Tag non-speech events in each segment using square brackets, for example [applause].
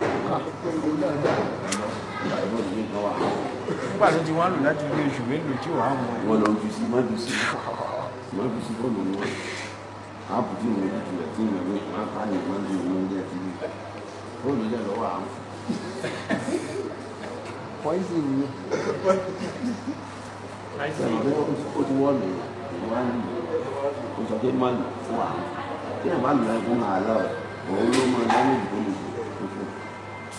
nígbà tó ti wá lò láti ilé oṣù mélòó tí wàá mọ. wọn lọ ju sí má ju sí má ju sí bọ́ọ̀lù wọn ààbò tí mo ju rẹ̀ tí mo ní apá yẹn má ju ìwọ̀n jẹ́ ti lè bọ́ọ̀lù jẹ́ lọ́wọ́ àwọn. poison ni. ó ti wọ́ọ̀lù ìwọ́n á lù ó sọ pé má lù fún àwọn tí ẹ̀ bá lù ẹ̀ fún àlọ́ òun ló máa dá méjì tó lè jù.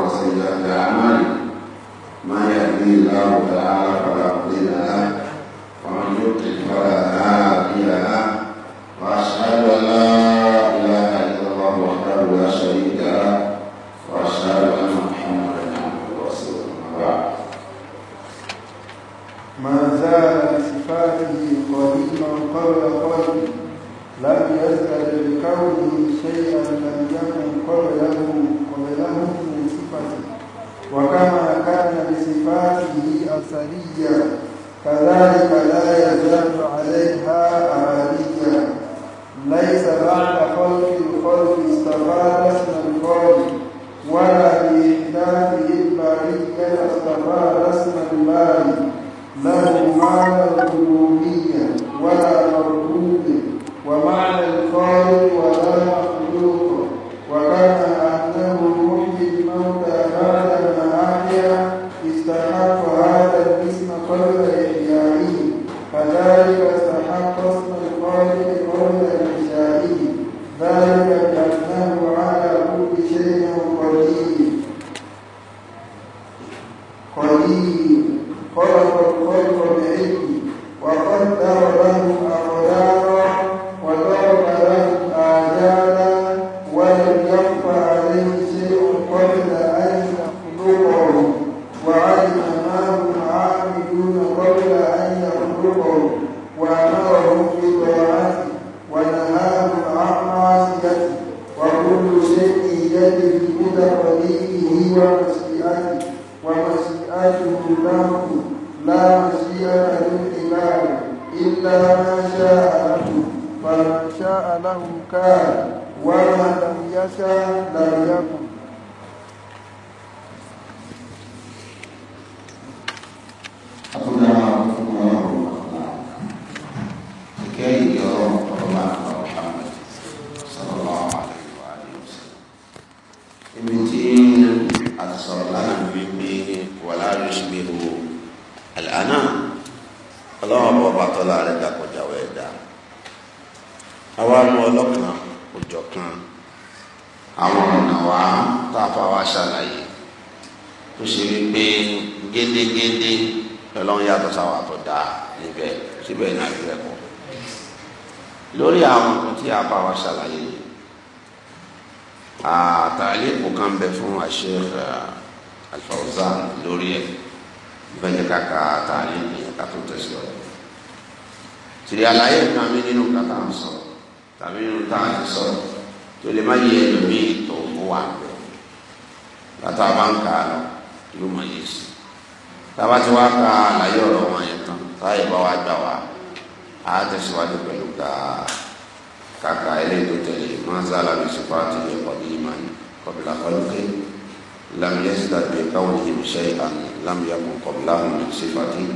وسيئات أعمالي من يهدي الله تعالى فلا مضل له ومن يضلل فلا هادي له وأشهد أن لا إله إلا الله وحده لا شريك له وأشهد أن محمدا عبده ورسوله بعد ما زال صفاته قديما قبل خلقه لم يزدد بكونه شيئا لم يكن قبله وكما كان بصفاته أثريا كذلك لا يزال kan bẹ fún Sheikh uh, Al-Fawzan lórí ẹ̀ bẹ́ẹ̀ ká ka tààrí ìyẹn ká tó tẹ̀síwájú. tìrì àlàyé kan mi nínú kàtà ń sọ tàbí nínú tá a ti sọ tó lè má yẹ ẹlòmíì tó ń wà bẹ́ẹ̀ látà bá ń kà á lọ yóò mọ yé sí tába tí wàá ka àlàyé ọ̀rọ̀ wọn yẹn tán táyé bá wàá gbà wá á tẹ̀síwájú pẹ̀lú ká kàkà eléyìí tó tẹ̀lé mọ́sálà bí sùpàtì yẹ kọjá. قبل خلقه لم يزدد بقولهم شيئا لم يكن قبلهم من صفته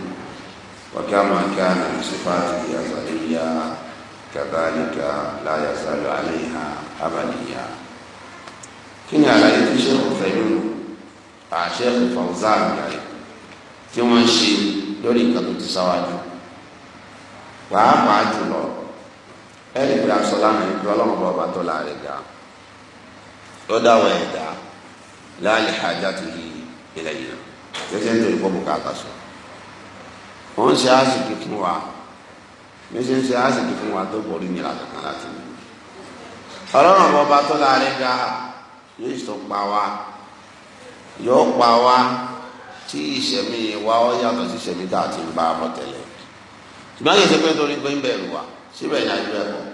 وكما كان من صفاته أزلية كذلك لا يزال عليها أبديا كنا على يد شيخ فيلون شيخ فوزان يعني tí wọ́n ń ṣe lórí nǹkan tó ti sáwájú pàápàá jùlọ ẹ̀rí pé lọ́dọ̀ àwọn ẹ̀dá láàlẹ́ àjà tó yí ilẹ̀ yìí gẹ́gẹ́ nítorí pọ́ bùkátà sọ. wọ́n ṣe àṣìkì fún wa bí ṣe ń ṣe àṣìkì fún wa tó borí nira kankan láti mú. ọlọ́run àwọn ọba tó láàrin ga yóò sọ pa wá yóò pa wá tí ìṣẹ̀mí wa ó yàtọ̀ sí ìṣẹ̀mí tá a ti ń bá a bọ̀ tẹ́lẹ̀. ṣùgbọ́n yóò ṣe pé nítorí pé ń bẹ̀rù wa síbẹ̀ ní àjọ ẹ̀kọ́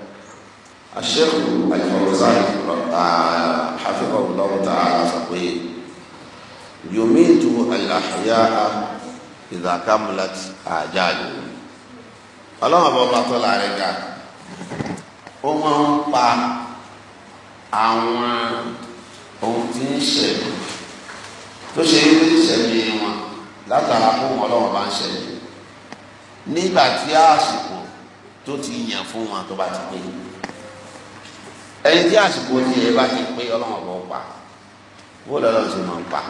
الشيخ الفوزان حفظه الله تعالى فقيه يميت الأحياء إذا كملت آجالهم ọlọ́run ọba ọba tó láàrin ga ó máa ń pa àwọn ohun tí ń ṣẹlẹ̀ tó ṣe é ní ìṣẹ̀lẹ̀ wọn látara fún wọn ọlọ́run ọba ń ṣẹlẹ̀ nígbà tí àsìkò tó ti yàn fún wọn tó bá ti pé yìí ẹni tí àsìkò ti yẹ bá ti pé ọlọ́wọ́n bọ̀ pa wọ́n lọ́dọ̀ ti mọ̀ pa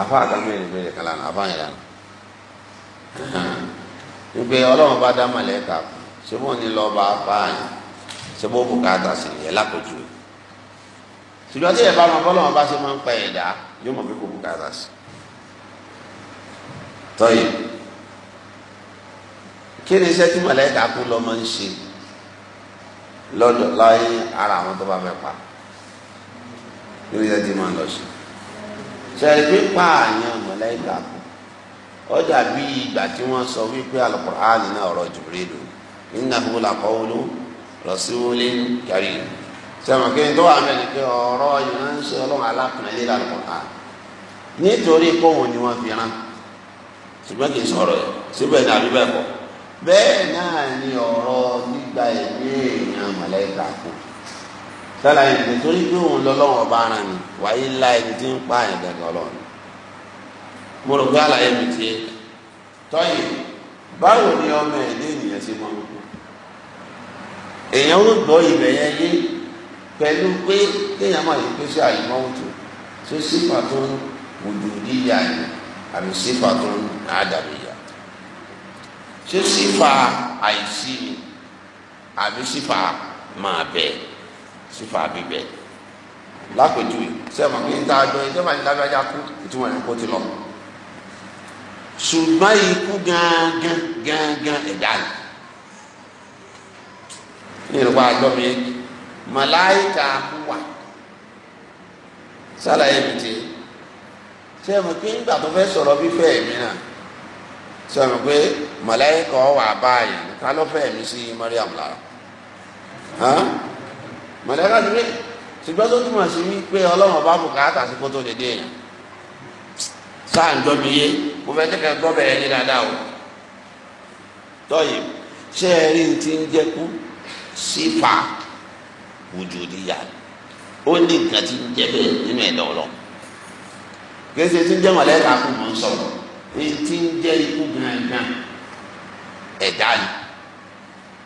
afa àkàmú yẹn ìbéèrè kan lánàá afa yẹn lánàá ìgbé ọlọ́wọ́n bá dá mọ̀lẹ́ka ṣé mo ní lọ́ọ́ bá fa yẹn ṣé mo bùkátà sí yẹn lákòjú ṣùgbọ́n tí yẹn bá mọ bọ́lọ́wọ́n bá ṣe máa ń pa ẹ̀dá yóò mọ̀ pé kò bùkátà sí tọ́yì kí ni iṣẹ́ tí mọ̀lẹ́ka kú lọ́ máa ń ṣe lọ́dọ̀ láyé ara àwọn tó bá fẹ́ pa lórí ẹdí máa ń lọ sí. sẹ́yìn pípa àyàn mọ̀lẹ́gà kù ó dàbí ìgbà tí wọ́n sọ wípé Al-Qur'ani náà ọ̀rọ̀ Jibrilu innahu laqawlu rasulin karim sẹ́wọ̀n kí n tó wà mẹ́rin pé ọ̀rọ̀ ìránṣẹ́ ọlọ́run alákùnrin lílà Al-Qur'ani nítorí kóhùn ni wọ́n fi rán ṣùgbọ́n kì í sọ̀rọ̀ síbẹ̀ ni ọ̀rọ̀ ní gba ẹ̀mí èèyàn mọ̀lẹ́kà kù sọlá yìí nítorí pé òun lọ́lọ́wọ́ bá ara ni wàyí la ẹni tí ń pa àyàn gàgà ọlọ́run mo rò pé àlàyé mi ti tọ́yì báwo ni ọmọ ẹ̀dẹ́ ènìyàn ṣe máa ń kú èèyàn ó gbọ́ ibẹ̀ yẹn yé pẹ̀lú pé kéèyàn máa yí pé ṣé àyùmọ́wò tó ṣé sífà tó ń wùdù yíyá yẹn àbí sífà tó ń àdàbíyà ṣé sífà àìsí yẹn àbí sífà máa bẹ sífà bíbẹ lápèjúwe sẹ́wọ̀n kí n ta àjọ ẹ̀ sẹ́wọ̀n nígbà bíi ajakú ìtumọ̀ ẹ̀ kó ti lọ. ṣùgbọ́n ikú gángan gángan ẹ̀dá ni ní ìrọ̀pá àjọ mi màláìka wà sálàyé mi ti sẹ́wọ̀n pé nígbà tó fẹ́ sọ̀rọ̀ bí fẹ́ mi náà sẹ́wọ̀n pé màláìka wà báyìí ká ló fẹ́ mi sí Mariam lára mọ̀lẹ́ka ti pé ṣùgbọ́n tó túmọ̀ sí ọlọ́run ọba kótó dédé yẹn sáà ń yé mo fẹ́ ní dáadáa o tọ́yìn ṣé ẹ rí ti ń jẹ́kú sífà wùjúdíyà ó ní nǹkan ti ń jẹ́ bẹ́ẹ̀ nínú ẹ̀dá ọlọ́run kèsì ti ń jẹ́ mọ̀lẹ́ka kú mọ̀ ń sọ̀rọ̀ ti ń jẹ́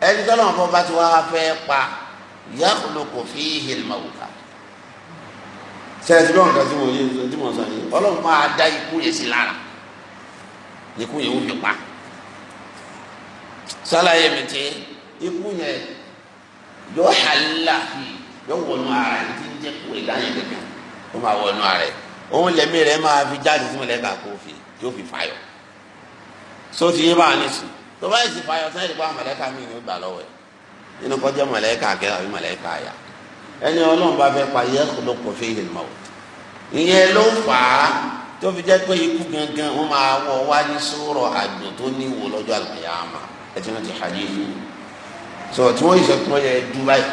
ẹni tọ́lọ́ wọn bá ti wá fẹ́ pa yàkùlù kò fi hìlmà wùkà sẹ́yìn tí wọ́n kà sí wòye tí wọ́n sọ yìí ọlọ́run máa dá ikú yẹn sí lára ikú yẹn ó fi pa sálàyé mi ti ikú yẹn yọ hàlá yọ wọnú ara yìí tí ń jẹ́ kó ìlà yẹn gẹ́gẹ́ ó máa wọnú ara yìí òun lẹ́mí rẹ̀ máa fi jáde sí mọ̀lẹ́ka kó fi yóò fi fàyọ̀ sóti yé báà nísìnyí tó bá sì fàyọ sẹ́yìn nípa mọ̀lẹ́ka mi ni ó gbà lọ́wọ́ ẹ̀ nínú kọjá mọ̀lẹ́ka kẹ́ àbí mọ̀lẹ́ka àyà ẹni ọlọ́run bá fẹ́ pa yẹ kó ló kọ fi hìn mọ́ ìyẹn ló fà á tó fi jẹ́ pé ikú gangan wọ́n máa wọ wá ní sọ̀rọ̀ àjò tó níwò lọ́jọ́ àlàyàmà ẹtí wọ́n ti hajj yìí sọ tí wọ́n ìṣẹ́ tí wọ́n yẹ dú báyìí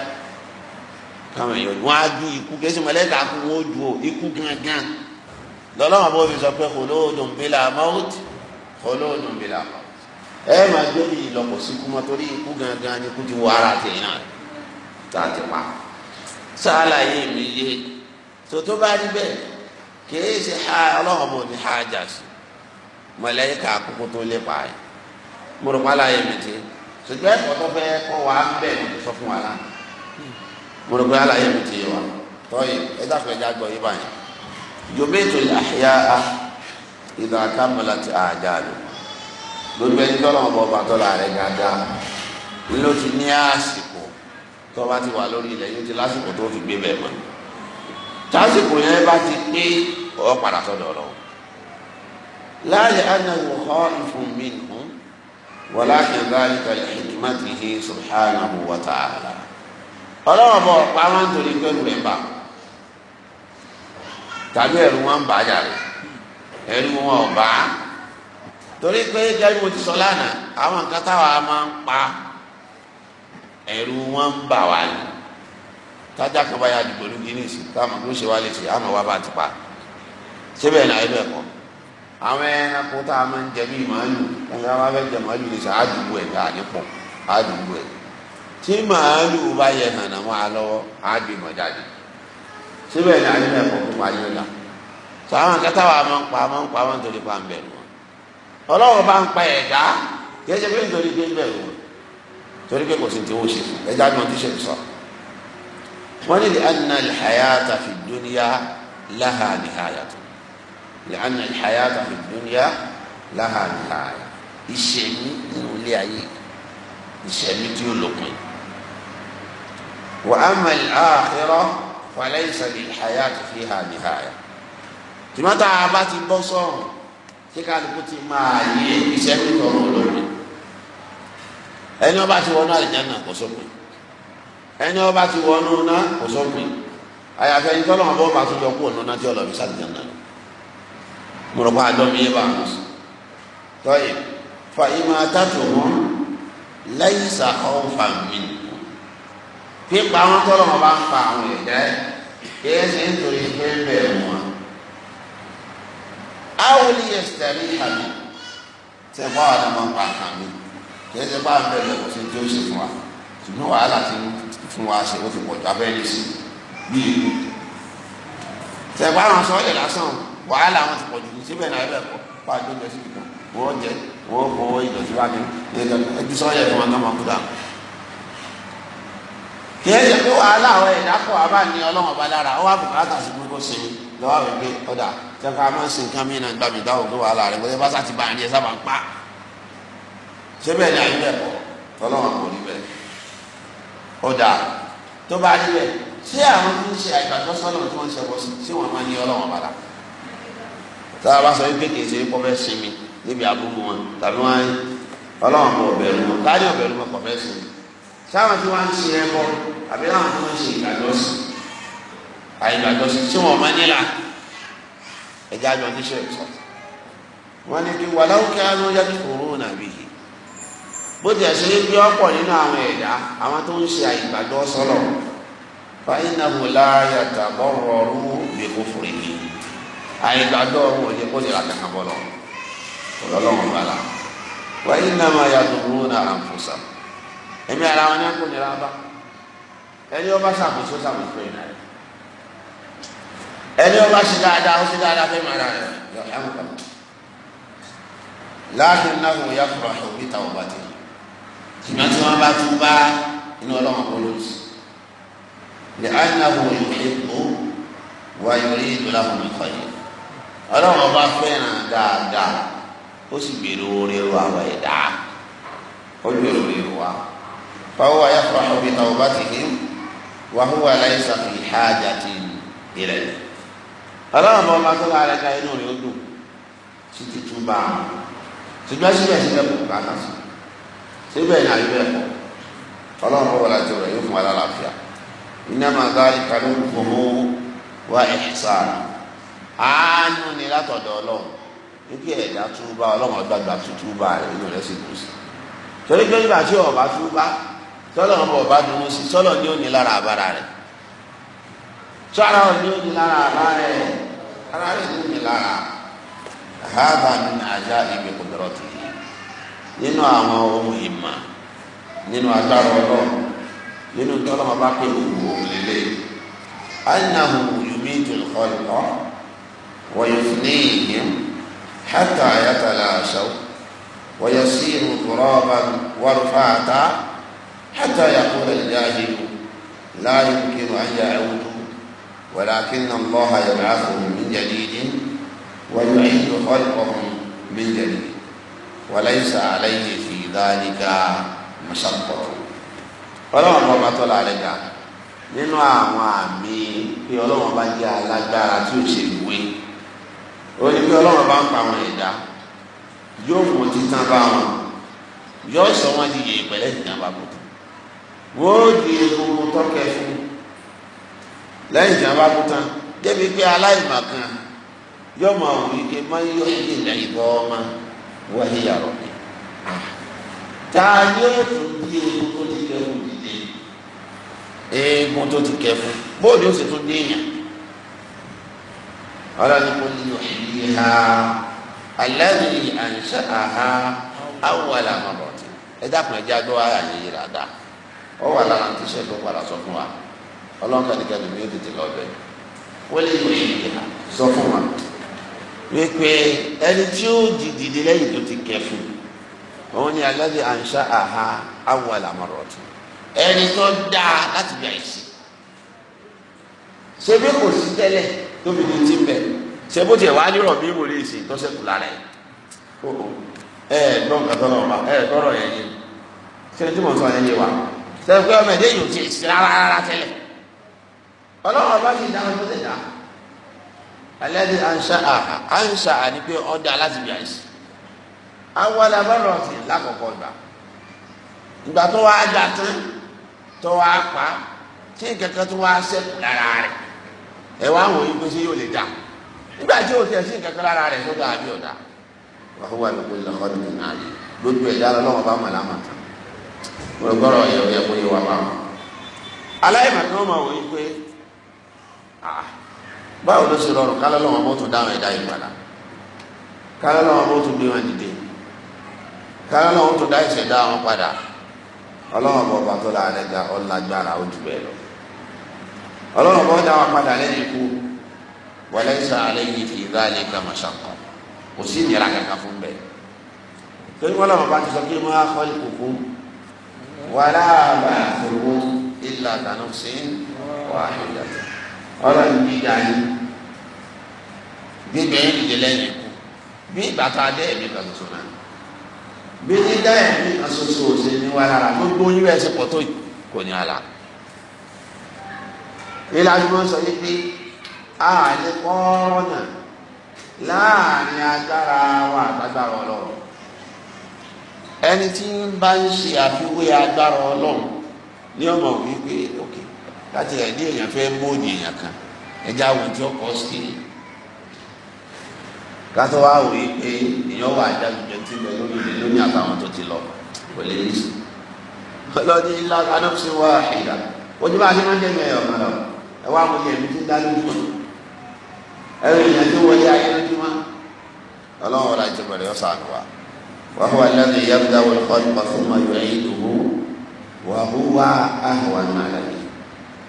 káwọn èèyàn wọ́n á ju ikú kẹ́sì mọ̀lẹ́ka kú wọ́n ju ikú gangan lọ́lọ́run bó fi sọ pé kò lóòdùn bí la mọ́ọ̀tì kò lóòdùn bí la mọ́ ẹ máa jó bí ìlọ́pọ̀ sí kú mọ́ torí ikú gangan ni kú ti wọ ara ti yàn rẹ̀ tá a ti pa sáàlà yìí mi yé tòtó bá rí bẹ́ẹ̀ kìí ṣe ha ọlọ́run ọmọ ní ha jà sí mọ̀lẹ́yìká àkókò tó lé pa ẹ̀ mo rò pálá yẹn mi ti ṣùgbọ́n ẹ̀kọ́ tó fẹ́ kọ́ wa ń bẹ̀ ní sọ fún wa náà mo rò pé àlàyé mi ti yé wa tọ́yì ẹ dákun ẹja gbọ́ yí báyìí yòbẹ́tò àyà ìdàkàmọ́lá ti àjà lò gbogbo ẹni tọ́lọ̀ ọmọ ọba tọ́lá rẹ̀ gàdá ló ti ní àsìkò tó bá ti wà lórí ilẹ̀ yóò ti lásìkò tó fi gbé bẹ́ẹ̀ mọ́ tásìkò yẹn bá ti pé ọ̀ padà sọ̀dọ̀ ọ̀rọ̀ láàyè anáwó họ ìfúnmínú wọlá ìdáríkà ìhìkìmátìhì subhanahu wa ta'ala ọlọ́wọ́ bọ̀ pàmò nítorí pẹ̀lú rẹ̀ bá tàbí ẹ̀rù wọn bá yàrá ẹ̀rù wọn bá. torí pé gẹ́gẹ́ mo ti sọ lánàá àwọn nǹkan táwa máa ń pa ẹ̀rù wọn ń bà wá ní tájà kan báyà dìbò ní guinness táwọn ṣe wá lè ṣe àmọ́ wá bá ti pa síbẹ̀ náà àwọn ẹranko a máa ń jẹ bíi màálù ẹ̀ka wá fẹ́ jẹ màálù lè ṣe àdúgbò ẹ̀ ká ẹ̀ tí màálù bá yẹ nànà a lọ́wọ́ á bí mọ̀ jáde náà fún wa yóò ọlọ́run bá ń pa ẹ̀dá kì í ṣe pé nítorí pé ń bẹ̀rù wọn torí pé kò sí ti wọ́n ṣe ẹ̀dá ni wọ́n ti ṣe sọ. wọ́n ní lẹ́hàn alhayata fi dúníyà láha nìhayàtọ̀ lẹ́hàn alhayata fi dúníyà láha nìhayà ìṣẹ̀mí nínú ilé ayé ìṣẹ̀mí tí ó lópin. وأما الآخرة فليس للحياة فيها نهاية. tìmọ́tà bá ti bọ́ sọ́run tí kálukú ti máa yé iṣẹ́ nítorí olóore ẹni ọba ti wọnú àlìjáná kò sópin ẹni ọba ti wọnú ná kò sópin àyàfẹ́ ẹni tọ́lọ́mọ bọ́ bá tún yọ kú ọ̀nà tí ọlọ́ọ̀bí sàlìjáná lọ mo rò pé àdọ́mi yé bá a lọ tọ́yì fa ìmọ̀ àtàtò wọn lẹ́yìn sàkọ́fà mi pípa wọn tọ́lọ́mọ bá ń pa àwọn ẹ̀dá ẹ̀ kí ẹ ṣe ń torí pé ń bẹ̀rù wọn awoli yẹ sitẹri hami tẹ bá wà ní ọmọ nǹkan mi kì í ṣe bá bẹ lẹ kó ṣe tó ṣe fún wa ṣùgbọ́n wàhálà ti fún wa ṣe ó ti pọ̀ jù abẹ́rẹ́ sí bí ìlú tẹ bá wọn sọ ẹ̀ lásán wàhálà wọn ti pọ̀ jù síbẹ̀ náà ẹ bẹ̀ kọ́ pa àjọyọ̀ síbi kan wọ́n jẹ wọ́n kọ́ ìdọ̀tí wa ní ẹbí sọ́yẹ̀ fún wọn náà máa kú dà kì í ṣe pé wàhálà àwọn ẹ̀dá kọ̀ abáni ọlọ́wọ́n bá lára ó wà bùkátà sí gbogbo ṣe lọ́wọ́ àwẹ̀ gbé ọ̀dà sẹ́kọ̀ a máa ń sin nǹkan mí náà gbàgbé dáwọ̀ pé wàhálà rẹ̀ wọ́n yẹ bá sá ti bá a ní ẹ sábà ń pa ṣé bẹ́ẹ̀ ni àyè bẹ́ẹ̀ bọ̀ tọ́lọ́wọ́n kò rí bẹ́ẹ̀ ọ̀dà tó bá rí bẹ́ẹ̀ ṣé àwọn tó ń ṣe àgbàdo sọ́nà tí wọ́n ń ṣẹbọ sí ṣé wọ́n máa ní ọlọ́wọ́n bàdà tá a bá sọ wípé kì í ṣe kọ́ fẹ́ sinmi níbi àbúrò wọn tàbí wọn ọlọ́wọ́n bọ̀ ọ̀bẹ̀rù wọn káàdì wọ́n ń ṣe ẹbọ àbí ẹja yọ oníṣẹ́ ìsọ wọn ni kí wàláwù kí á ló yẹtù òun nàbí yìí bó tiẹ̀ ṣe é bí ọ̀pọ̀ nínú àwọn ẹ̀dá àwọn tó ń ṣe àìgbàgbọ́ sọ́lọ̀ fàyínà wòlá yàtà bọ́rọ̀ ọ̀rún gbèkó fúri ni àìgbàgbọ́ ọ̀rún òye kó lè ra kankan bọ́ lọ ọlọ́run bá náà àǹfọ̀sà ẹ̀mí ara wọn ní ẹni ọba ṣe dáadáa ó ṣe dáadáa fẹ́ máa rà rẹ̀ yọ̀ọ̀yàmùkà láàbí náà wọ́n yá kúrò àwọn òbí ta ọba tẹ̀ ṣùgbọ́n tí wọ́n bá tún bá inú ọlọ́run kó ló ti lè á ní àwọn olùkọ́ wá yorí ìdúrà fún mi kọ́yé ọlọ́run ọba fẹ́ràn dáadáa ó sì gbèrò orí ru àwọn ẹ̀dá ó gbèrò orí wa fáwọn ayáfọ́ àwọn òbí ta ọba tẹ̀ wàhùwà láìsàfihàn àjàtì ìrẹ̀lẹ̀ ọlọ́run bọ́ ọba tó bá rẹ ká inú rẹ̀ ó dùn sí tuntun bá a ṣùgbọ́n síbẹ̀síbẹ̀ kò ká kà sí síbẹ̀ ní àyùbẹ̀ kọ́ ọlọ́run bọ́ wọlé àti rẹ̀ yóò fún wa lálàáfíà iná máa gbá ìkàlù fòmó wá ẹ̀ṣán àánú ni látọ̀dọ̀ ọlọ́run níbi ẹ̀dá túbá ọlọ́run ọgbàgbà túbá rẹ̀ inú rẹ̀ sì kù sí torí pé nígbà tí ọba túbá tọ́lọ́run bọ̀ ọba dunu sí tọ́lọ́ ni ó ní lára àbára rẹ̀ tí ara wọn ni ó di lára ara rẹ ara rẹ ló ní lára ahaba min àyà ibi kòdọ̀rọ̀tì nínú àwọn ohun ìmọ̀ nínú agbára ọlọ́run nínú tọ́lọ́mọ bá pé òwò òlélẹ̀ annahu yumitu al-khalqa wa yufnihim hatta yatalashaw wa yasiru turaban wa rufata hatta yaqula al-jahilu la yumkinu an ya'udu ولكن الله يبعثهم من جديد ويعيد خلقهم من جديد وليس عليه في ذلك مشقة ọlọ́run ọba tọ́lá rẹ̀ ga nínú àwọn àmì pé ọlọ́run ọba jẹ́ alágbára tí ò ṣe ìwé ó ní pé ọlọ́run ọba ń pa àwọn ẹ̀dá yóò mú títàn bá wọn yóò sọ wọn di yèèpẹ̀ lẹ́yìn náà wọ́n di egungun tọ́kẹ́ fún lẹ́yìn tí wọ́n bá kú tán débi pé aláìmọ̀kan yóò máa wù í pé máa ń yọ ilé ilẹ̀ ìbọn ọmọ wáyé yàrá mi. ta ni ó tún bí egun tó ti kẹfù dìde egun tó ti kẹfù bóòlù ó sì tún dé èèyàn. ọlọ́ni mo ní òyìnbí ha alẹ́rìí àǹṣá ha awọ làwọn ọ̀rọ̀ ti ẹ dákun ẹ jẹ́ àgbọ̀ ara yìí rà dá ọ wà lára tíṣẹ́ tó padà sọ fún wa ọlọ́nkà ní kẹlẹ́ mi ó tètè lọ bẹ̀ wọ́n lè yọ ìdí ha sọ fún wa wípé ẹni tí ó dìde lẹ́yìn tó ti kẹ́ fún òun ni alẹ́ àǹṣá àhá awọ àlàmọ́rọ̀tì ẹni tó dáa láti bí àìsí ṣe bí kò sí tẹ́lẹ̀ tóbi ní ti bẹ̀ ṣe bó tiẹ̀ wá nírọ̀ bí mo lè ṣe tó ṣẹ́kù lára ẹ̀ ẹ ẹ gbọ́n nǹkan tọ́lọ̀ wa ẹ yẹn yé ṣe tí mo sọ yẹn wa ṣe fún ọmọ ẹ̀dẹ́ yòó ti ṣe rárá rárá tẹ́lẹ̀ ọlọ́run bá sì dá tó sì dá alẹ́dí ansa ansa àni pé ọ̀dà láti bí àìsí awọ́lá bọ́lọ̀ sí lákọ̀ọ́kọ́ gbà ìgbà tó wàá dà tán tó wàá pa tí kankan tó wàá sẹ́kù lára rẹ̀ ẹ̀ wá wòye yóò lè dà nígbà tí o sí lára rẹ̀ tó dáa bí wà lóko nínú ẹ̀ lọ́wọ́ bá lámà gbọ́dọ̀ yẹ kó yẹ wà bá wọn. aláìmọ̀ máa Ah. báwo ló ṣe rọrùn kálọ́ lọ́wọ́ bó tún dáhùn ẹ̀dá ìpadà kálọ́ lọ́wọ́ bó tún gbé wọn dìde kálọ́ lọ́wọ́ tún dá ìṣẹ̀dá wọn padà ọlọ́wọ́ bọ̀ bá tó láàrin ga ọ̀làgbára ó jù bẹ́ẹ̀ lọ ọlọ́wọ́ bọ́ dá wọn padà lẹ́yìn ikú wọlé sàlẹ̀ yìí fi ìdáàlẹ̀ kàmá ṣàkọ́ kò sí ìnira kankan fún bẹ́ẹ̀ torí wọn lọ́wọ́ bá ti sọ pé mo á kọ́ ìkókó wàlá àbà àfọwọ́ ìlà tànúfsìn wàhálà t ọ̀rọ̀ ìbí dání bíbẹ yín dìde lẹ́yìn ikú bí bàtà dé ẹ̀mí kan ṣoṣo náà bí dídá ẹ̀mí kan ṣoṣo ṣe ní wàhálà rà gbogbo yín bẹ́ẹ̀ ṣe pọ̀ tó kò ní wàhálà. ìlànà wọn sọ yìí pé a lè kọ́rọ́ náà láàrin agbára wa àgbàgbára ọlọ́run ẹni tí ń bá ń ṣe àfiwé agbára ọlọ́run ní ọmọ wípé ok láti ẹ̀dí èèyàn fẹ́ bóòdì èèyàn kan ẹjẹ́ àwọn tí ó kọ́ sí i kátó wá wòye pé èèyàn wà àjàgbé tí ń bẹ lórí ilé lónìí àtàwọn tó ti lọ kò lè rí sí ọlọ́dún ilá anáfíìsì wà ìdá ojú bá a ṣe máa ń jẹ́ ìyẹn ọ̀gá lọ ẹ wá mọ̀ ẹ̀mí tí ń dá lójú ẹ̀rọ ìyẹn tó wọlé ayé lójúmọ́ ọlọ́run ọ̀la ti bẹ̀rẹ̀ ọ̀sán àgbà wàhùwà lẹ́nu ìyá bí dáwọ́ ìkọ́ ìpàfọ́mọ́ ìrẹ̀yìn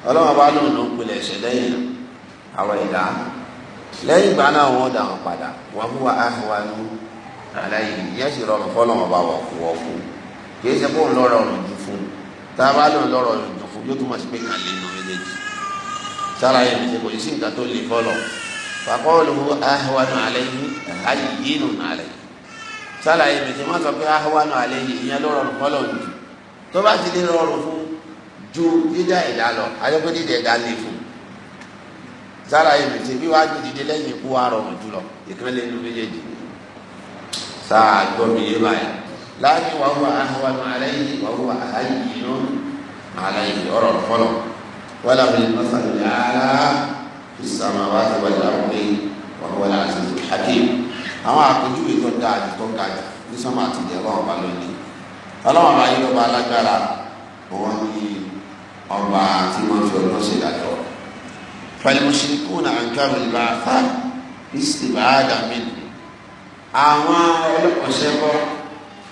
ọlọ́wọ́n bá lóun ló ń pilẹ̀ ẹ̀ṣẹ̀ lẹ́yìn àwọn ẹ̀dá lẹ́yìn ìgbà náà wọ́n dà wọ́n padà wọ́n fún wa áhùn wa ní aláìní yẹn sì rọrùn fọlọ́wọ́n bá wọ̀ fún ọ fún kì í ṣe kó ń lọ́rọ̀ ọ̀rùn jù fún tá a bá lóun lọ́rọ̀ ọ̀rùn jù fún yóò túmọ̀ sí pé kàlẹ́ nù méjèèjì sára yẹn ṣe kò sí nǹkan tó le fọlọ́ fàkọ́ọ̀lù áhùn wa ní aláìní ayé nù nàlẹ́ sára yẹn ju dídá ẹ̀dá lọ ayọ́pẹ́ dídá ẹ̀dá lè fún sára yìí mìtì bí wàá ju dídé lẹ́yìn ikú wa rọrùn jùlọ ìkan lè nu méjèèjì sáà gbọ́ mi yé báyìí láàbí wàá wà áhùwà màálẹ́ yìí wàá wà áhàyè yìí lọ màálẹ́ yìí ọ̀rọ̀ fọlọ̀ wàlá mi masalu yàrá fisama wàá ti wàlá wọlé wàá wàlá àtúntò hakim àwọn àpèjúwe tó dáa ju tó ga jù ní sọmọ àtìlẹyìn ọlọ́wọ́ ba lónìí ọlọ́wọ́ bá yí alágbára òun yìí ọba tí wọ́n fi ọdún ṣe dájọ́ falimusiriku na ankaru ìbá fa ìsìbá adamin àwọn ọlọ́kọ̀ṣẹ́bọ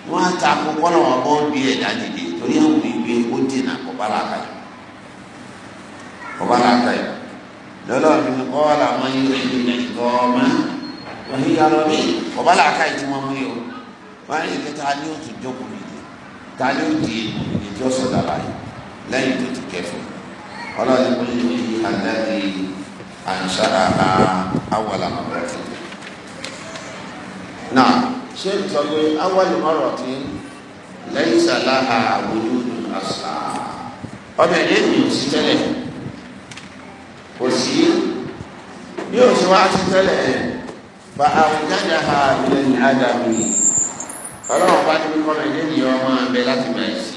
wọ́n á ta akókó náà wọ́n bọ́ bí ẹ̀dá dìde torí àwọn ìgbé ó dènà ọba làkàyọ̀ ọba làkàyọ̀ lọ́lọ́ọ̀bí ni kọ́ làwọn yóò ṣe ìgbọ́ ọmọ wọ́n yí alọ́ bí ọba làkàyọ̀ tí wọ́n mú yọ wọ́n á rí ìkẹta ní òtún jókòó nìyẹn ta ní òtún èèyàn ìjọsọ̀ dàbáyé lẹ́yìn tó ti kẹfọ́ ọlọ́run kò ní ní àdáni àǹsára awàlà mọ̀rọ̀tì. náà ṣé sọ pé awàlà mọ̀rọ̀tì lẹ́yìn sàláhà àwòrán àṣà ọbẹ̀ yẹn ni ò sí tẹ́lẹ̀ kò sí bí o ṣe wá sí tẹ́lẹ̀ bá àwùjáde ha ilẹ̀ ádámù yìí ọlọ́run bá ti kọ́ lọ ilé ọmọ abẹ láti máa ṣe.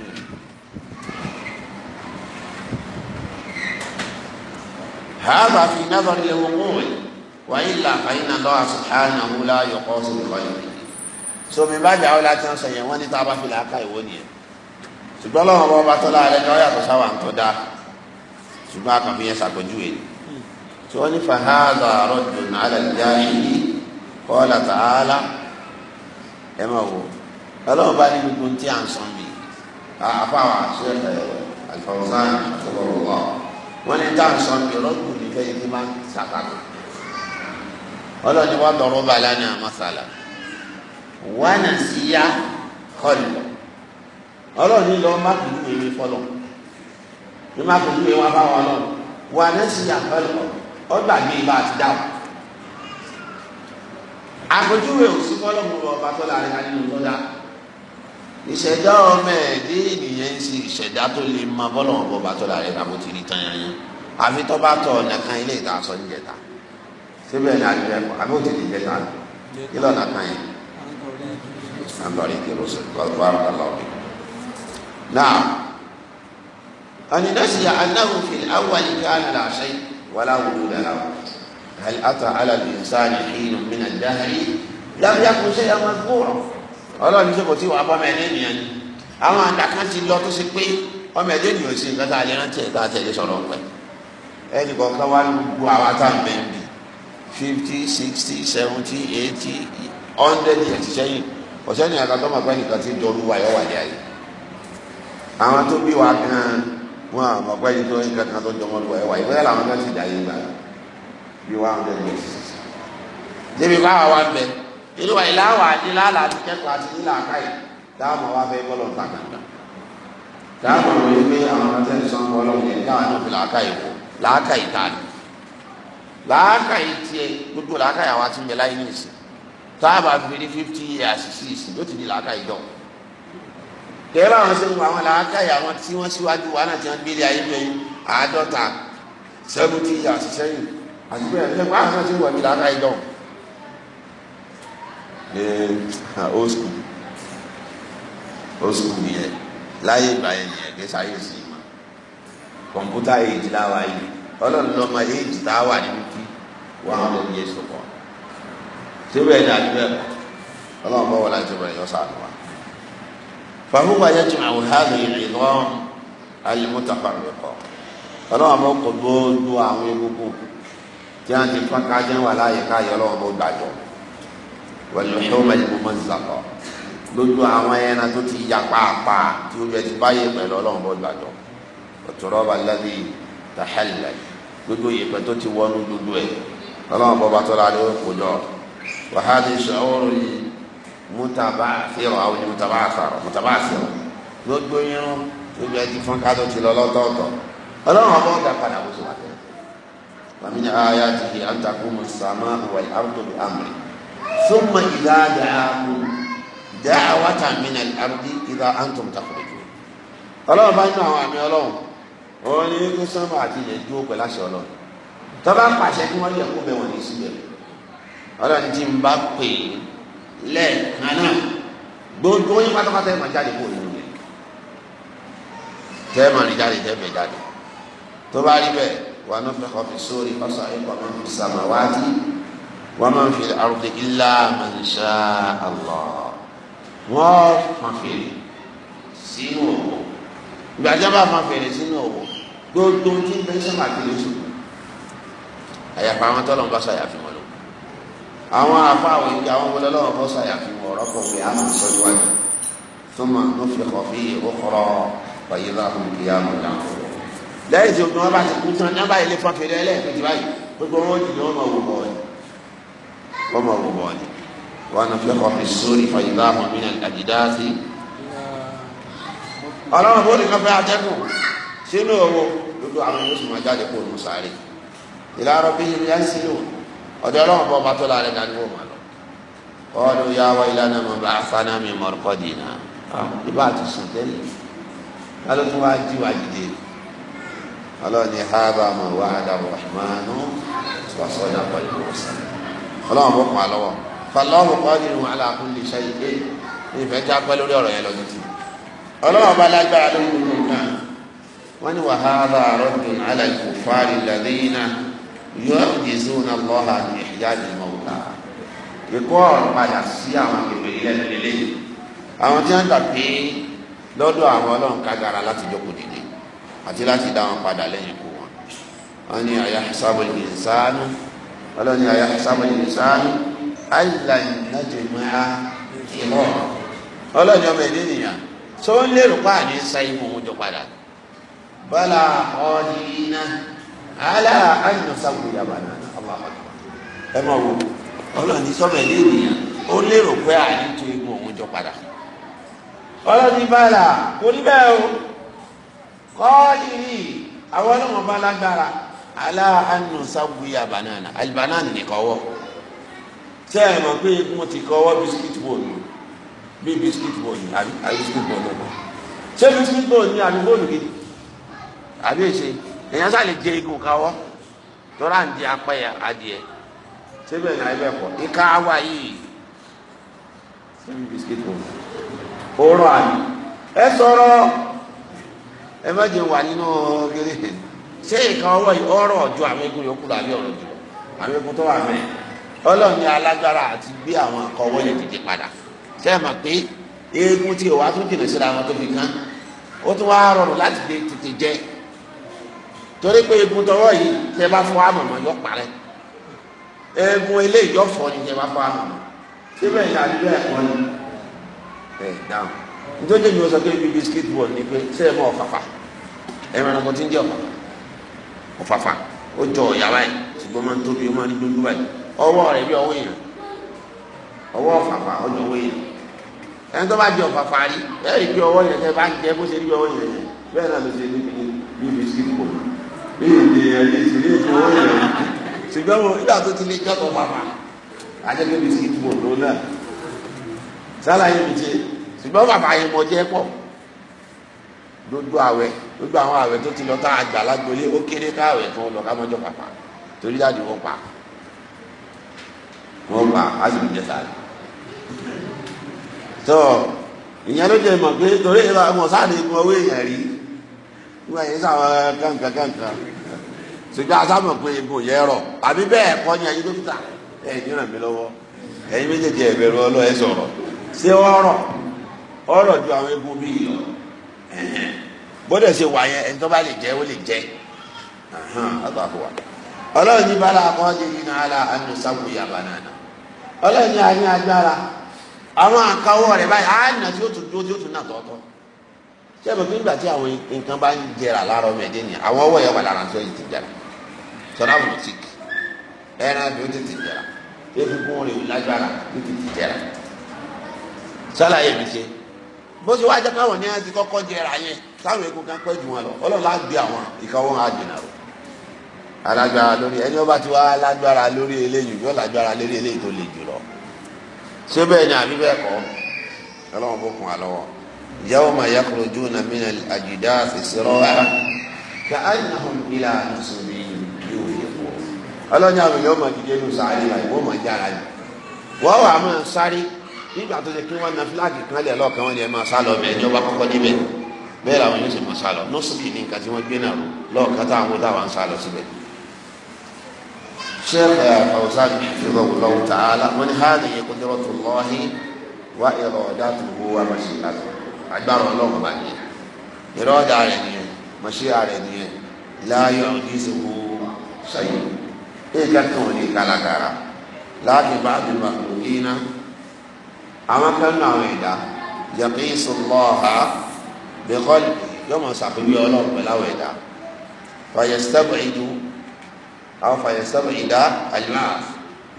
هذا في نظر الوقوع وإلا فإن الله سبحانه لا يقاس بغيره so mi bá jàwé láti ń sọ yẹn wọn ní tá a bá fi làákà ìwọ nìyẹn ṣùgbọ́n lọ́wọ́ bá ọba tọ́lá rẹ̀ lọ́ọ́ yàtọ̀ sáwà ń tọ́ da ṣùgbọ́n a kàn fi yẹn ṣàpèjúwe ni tí wọ́n ní fàhálà àrọ́jù nàálà ìjà yìí kọ́lá tààlà ẹ máa wò ọlọ́wọ́ bá ní gbogbo tí à ń sọ bì àfàwà ṣe àlùfáà sáà ṣọlọ́wọ́ wọ́n ní tá à ń sọ ní ọlọ́dún ní fẹ́ ibi máa ń ṣàkàtọ̀ ọlọ́ni wọ́n dọ̀rọ̀ bá lánàá masala wọ́n nà sí yá kọlù ọlọ́ni lọ má kú ní èmi fọlọ́ ní má kú ní èmi wá bá wọn lọ wọ́n sí yá kọlù ọgbà mi bá ti dá wọn. àpèjúwe òsínfọ́lọ́mù ọba tó láàrin ká nínú tó dáa ìṣẹ̀dá ọmọ ẹ̀dẹ́ ènìyàn ń ṣe ìṣẹ̀dá tó lè mọ bọ́lọ̀ ọ̀bọ̀ bá tọ́lá rẹ̀ kàbó ti rí tán yanyan àfi tó bá tọ̀ ọ̀nà kan ilé ìta sọ níjẹta síbẹ̀ ní àdúgbò ẹ̀kọ́ àbí òtí ti jẹta kí lọ́nà kan yẹn. àǹtọ̀rí kìlọ̀ sọ kọ́lọ́fà ọ̀lọ́ọ̀bì. náà ànínà sí anáwó fi àwọn àyíká àlà àṣẹ wàlá wùdú dára hal ata ala al insani hin ọlọ́run ní sọ́kò tí wàá bọ́ mẹ́rin ènìyàn ni àwọn àdá kan ti lọ tó ṣe pé ọmọ ẹ̀dẹ́ ènìyàn sí nǹkan tá a lè rántí ẹ̀ tá a tẹ̀lé sọ̀rọ̀ ọ̀pẹ ẹnì kọ̀ọ̀kan wá gbogbo àwa tá ń bì fifty sixty seventy eighty hundred years sẹ́yìn ọ̀sẹ̀ ní àgbà tó máa pẹ́ nìkan ti dọ̀rú wa yọ̀ wà ní ayé àwọn tó bí wa gan wọn àmọ̀ pẹ́ ní tó ń kankan tó jọmọ́ lu wa yọ̀ wà yìí bẹ́ẹ̀ làwọn náà ti dà yé gbà bí wa ń bẹ̀ débi báwa wa ń bẹ̀ irú wa ilé àwọn àdé lálàá ti kẹ́kọ̀ọ́ àti nílà àkáyè dáàmú wa fẹ́ bọ́lọ̀ ta gàdá dáàmú àwọn ìwé àwọn ọ̀tẹ́ ìsọ̀n bọ́lọ̀ yẹn dáhà ló fi làákàyè wò làákàyè tààlì làákàyè tiẹ̀ gbogbo làákàyè àwọn àti mbẹ̀lá yìí nìyí sí táàbà fi ní fifty years six sí yóò ti di làákàyè dọ̀ kẹ́rọ àwọn sẹ́nu àwọn làákàyè àwọn tí wọ́n síwájú wa náà ti wọ́n gbélé ayé bẹ́ẹ̀ àádọ́ta seventy years sẹ́yìn àti bẹ́ẹ̀ bẹ́ẹ̀ wọ́n àwọn sẹ́nu wọ̀ na old school old school nìyẹn láyé ìgbà yẹn nìyẹn kí sáyé èjì láwa yìí ọlọ́run lọ́mọ èjì tá a wà wọ́n á lọ yẹ sọ̀kọ̀ ọlọ́run wọlé àti àwọn àwọn egungun tí wọ́n ti fọ́n kájẹ́ wà láyé káyọ̀ wàlúhùmá ìmọ̀mọ́ zàkọ̀ lójú àwọn ẹran tó ti ya pàápàá tí ó yẹ ti báyé pẹ̀lú ọlọ́run bọ́ gbàdọ̀ ọ̀tọ̀rọ̀ bá lẹ́bi tàhálẹ̀ lójú ìpẹ́ tó ti wọnú gbogbo ẹ̀ ọlọ́run bọ́ bá tọ́lá ló kó jọ wàhálì sọ̀rọ̀ mútàbá fẹ́rọ̀ àwọn mútàbá fẹ́rọ̀ mútàbá fẹ́rọ̀ gbogbo irun lójú ẹ ti fọ́n kátó ti lọ lọ́tọ̀ọ̀tọ̀ ọlọ́run ọba ọ̀gá padà bó so wà tẹ́lẹ̀ wàmí ni ayé àti àǹtakùn mùsàmá wà ثم إذا دعاكم دعوة من الأرض إذا أنتم تخرجون ọlọ́run bá nínú àwọn àmì ọlọ́run òun ni kí sánmà àti ilẹ̀ dúró pẹ̀lú àṣẹ ọlọ́run tó bá pàṣẹ kí wọ́n lè kó bẹ̀ wọ́n ní síbẹ̀ ọlọ́run tí ń bá pè é lẹ́ẹ̀kan náà gbogbo yín pátápátá ẹ̀ máa jáde kó nínú rẹ̀ tẹ́ ẹ̀ máa rí jáde tẹ́ ẹ̀ bẹ̀ jáde tó bá rí bẹ́ẹ̀ wà á náà fẹ́ kọ́ fi sórí ọ̀sán ẹ̀kọ́ mi sàmà wájú wa man fil ardi illa man sha Allah wọ́n máa fèrè sínú òwò ìgbàjá bá máa fèrè sínú òwò gbogbo tí ń bẹ sọ́mà kiri oṣù àyàfà àwọn tọ́lọ̀ ń bá ṣàyàfi wọn lò àwọn afá àwọn ìgbà àwọn wọlé lọ́wọ́ fọ́ ṣàyàfi wọn ọ̀rọ̀ pọ̀ pé a máa sọ níwájú tó máa ló fi kọ̀ fi òkúrọ̀ wàyí láàrún kí á mọ̀ dáhùn lẹ́yìn tí obìnrin wọn bá ti kú tán ní kọ́mọ wọ̀wọ̀ ni wọn nà fẹ́ kọ́fí sórí fàyídá àwọn mí náà àdìdá sí. ọlọ́run bó ní kọ́fẹ́ atẹ́kùn sínú owó lójú àwọn yóò sì máa jáde kó nù sáré ìlà rọ̀bì yìí yá sí lò ọ̀dọ̀ ọlọ́run bọ́ bá tó la rẹ̀ dání wò má lọ. kọ́ọ̀dù yà wá ìlànà mọ̀ bá sáná mi mọ̀ ọ̀kọ́ dì náà ibà ti sùn tẹ́lẹ̀ kálọ́ tó wá jí wá dìde ọlọ́run ni hábà mọ̀ wá dàbọ̀ rahmanu wàsọ̀dà pẹ̀lú ọ̀sán. ọlọ́run bó pa lọ́wọ́ fàlọ́hùn kọ́dìrún aláàkúnlé ṣayíké ní ìfẹ́ já pẹ́ lórí ọ̀rọ̀ yẹn lọ́dún tí ọlọ́run bá lágbára lórí gbogbo nǹkan wọ́n wàhálà rọ́dùn aláìkú fárí yóò ní ọ̀rọ̀ padà sí àwọn lélẹ́ àwọn tí wọ́n gbà pé lọ́dọ̀ àwọn ọlọ́run kágara láti jókòó àti láti dá wọn padà lẹ́yìn wọn wọ́n àyà sábà ọlọ́ni àyà sábàlì nìsáàlì àìláì nàjẹ̀ mẹ́ra ìmọ̀ ọlọ́ni ọmọ ẹ̀dẹ́ nìyàn tó ń lérò pa àní sáyé mọ̀ ọ́n jọ padà bala ọ̀dìnnà àlà àyìnà sábàlì yàbànà ọlọ́wọ́ ẹ máa wò ọlọ́ni sọ́mọ ẹ̀dẹ́ nìyàn ó lérò pé àní tó ìmọ̀ ọ́n jọ padà ọlọ́ni bala kò ní bẹ́ẹ̀ o kọ́ọ̀lì àwọn ọlọ́wọ́n lágbára. ala anu sabuya banana alibanana ni kọwọ tẹ ẹ mọ pé mo ti kọwọ bisikíti bọ́ọ̀lù bí àbí ṣé ni àbí gidi àbí èsè èèyàn le jẹ igun kọwọ tọ́lá ń di apá adị adìẹ síbẹ̀ ní kọ ìka wa yìí ṣé bí bisikíti bọ́ọ̀lù òórọ̀ àná ẹ sọ̀rọ̀ ẹ má wà nínú gẹ́gẹ́ ṣé ìkan ọwọ́ yìí ọ̀rọ̀ ọ̀jọ́ àmẹ́gun yòókù lọ àbí ọ̀rọ̀ jùlọ àmẹ́gun tó wà mẹ́ ọlọ́run ní alágbára àti gbé àwọn akọwọ́ yẹn dìde padà ṣé ẹ mọ̀ pé eégún tí òwà tún jìnnà síra wọn tó fi kán ó tún wá rọrùn láti dé tètè jẹ torí pé eégún tọwọ́ yìí tẹ bá fọ àmọ̀mọ́ yọ parẹ́ eégún eléyìí yọ fọ ni tẹ bá fọ àmọ̀mọ́ síbẹ̀ yà á dúró ẹ̀kọ́ ni ẹ̀ dáhùn nítorí mi ò sọ pé ibi bisikíìtì bọ̀ ni pé sẹ́yìn mọ́ ọ̀fàfà ẹ̀rọ ẹ̀rọ kan ti ń jẹ́ ọ̀fàfà ọ̀fàfà ó jọ ọ̀yà báyìí ṣùgbọ́n máa ń tóbi ó máa ń gbóngbó báyìí ọwọ́ rẹ̀ bí ọwọ́ èèyàn ọwọ́ ọ̀fàfà ọjọ́ ọwọ́ èèyàn ẹni tó bá jẹ ọ̀fàfà rí bẹ́ẹ̀ rí bí ọwọ́ yẹn tẹ bá ń jẹ bó ṣe rí bí ọwọ́ yẹn bẹ́ẹ̀ náà ló ṣe rí bí bí bí sí kò bí èdè ẹ̀yẹ ìṣẹ̀lẹ̀ ètò ọwọ́ yẹn rí ṣùgbọ́n nígbà tó ti lè jọ́tọ̀ ọ̀fàfà àjẹgbẹ́ bí sí kò gbogbo àwẹ̀ gbogbo àwọn àwẹ̀ tó ti lọ tá a gbà lágbóyè ó kéré ká àwẹ̀ tó lọ ká mọ́jọ́ pàpà torí dáàdi wọ́n pa wọ́n pa á sì ń jẹ sáré tó ìyẹn ló jẹ mọ̀ pé torí ìlà ọmọ sáré gun owó èèyàn rí wọ́n yẹn sáwọn kankan kankan ṣùgbọ́n asámọ̀ pé ibò yẹn rọ̀ àbí bẹ́ẹ̀ kọ́ ni ẹ̀yin dókítà ẹ̀yin ràn mí lọ́wọ́ ẹ̀yin méjèèjì ẹ̀bẹ̀rù ọlọ́ ẹ̀ sọ̀rọ̀ ṣé ọ̀rọ̀ ọ̀rọ̀ ju àwọn egun bíi lọ. bọ́dẹ̀ ṣe wà bá lè jẹ́ ó lè jẹ́ ọlọ́wọ́ ọlọ́run ní bala kọ́ ọ́ náà la àánú yà banana ọlọ́run ní àní agbára àwọn àkàwọ́ rẹ̀ báyìí àánú tí ó tún dúró tí ó tún nà tọ́tọ́ ṣé ẹ̀bùn nígbà tí àwọn ọmọ ni àwọn ọwọ́ yẹn wà lára tí ti jẹrà sọ̀rọ̀ àwọn òtíkì ẹran bí ó ti ti jẹrà ò lágbára bí ó táwọn eku kan pẹ́ jù wọn lọ ọlọ́run á gbé àwọn ìkàwọ́ á dènà o alágbára lórí ẹni ọba ti wá lágbára lórí eléyìí yóò lágbára lórí eléyìí tó le jù lọ ṣé bẹ́ẹ̀ ni àbí bẹ́ẹ̀ kọ́ ọlọ́run bó kún wa lọ́wọ́ yawma yakhrujuna min al-ajdathi sira'an ka'annahum ila nusubin yufiqun ọlọ́run àwọn èèyàn máa dìde nù sáré wa ìwọ́n máa jára ni wọ́n wà máa sáré nígbà tó ṣe kí wọ́n na fúláàgì kan lẹ̀ lọ́ọ̀kan wọn ni ẹ máa sá lọ bẹ̀ ẹjọ́ bá kọ́kọ́ níbẹ̀ bẹ́ẹ̀ làwọn yóò ṣe mọ̀ sálọ nọ́sìkì ní nǹkan tí wọ́n gbé náà lọ́ọ̀ká táwọn táwọn ń sálọ síbẹ̀. sheikh eh, fawzan rahimahullahu ta'ala wọ́n ní hádìí qudratullahi wa iradatuhu wa mashi'atuhu agbára ọlọ́run bá yẹ ìrọ́dà rẹ̀ nìyẹn mọ̀ṣíà rẹ̀ nìyẹn láàyò ìdíṣòwò ṣayé nǹkan kan ò ní kálákàrà láàbì bá bí màkùnrin náà bẹ́kọ́lì yóò mọ̀ sàkójú ọlọ́run pẹ̀lú àwọn ẹ̀dá fàyẹ̀sítẹ́bù ìdú àwọn fàyẹ̀sítẹ́bù ìdá àlùmá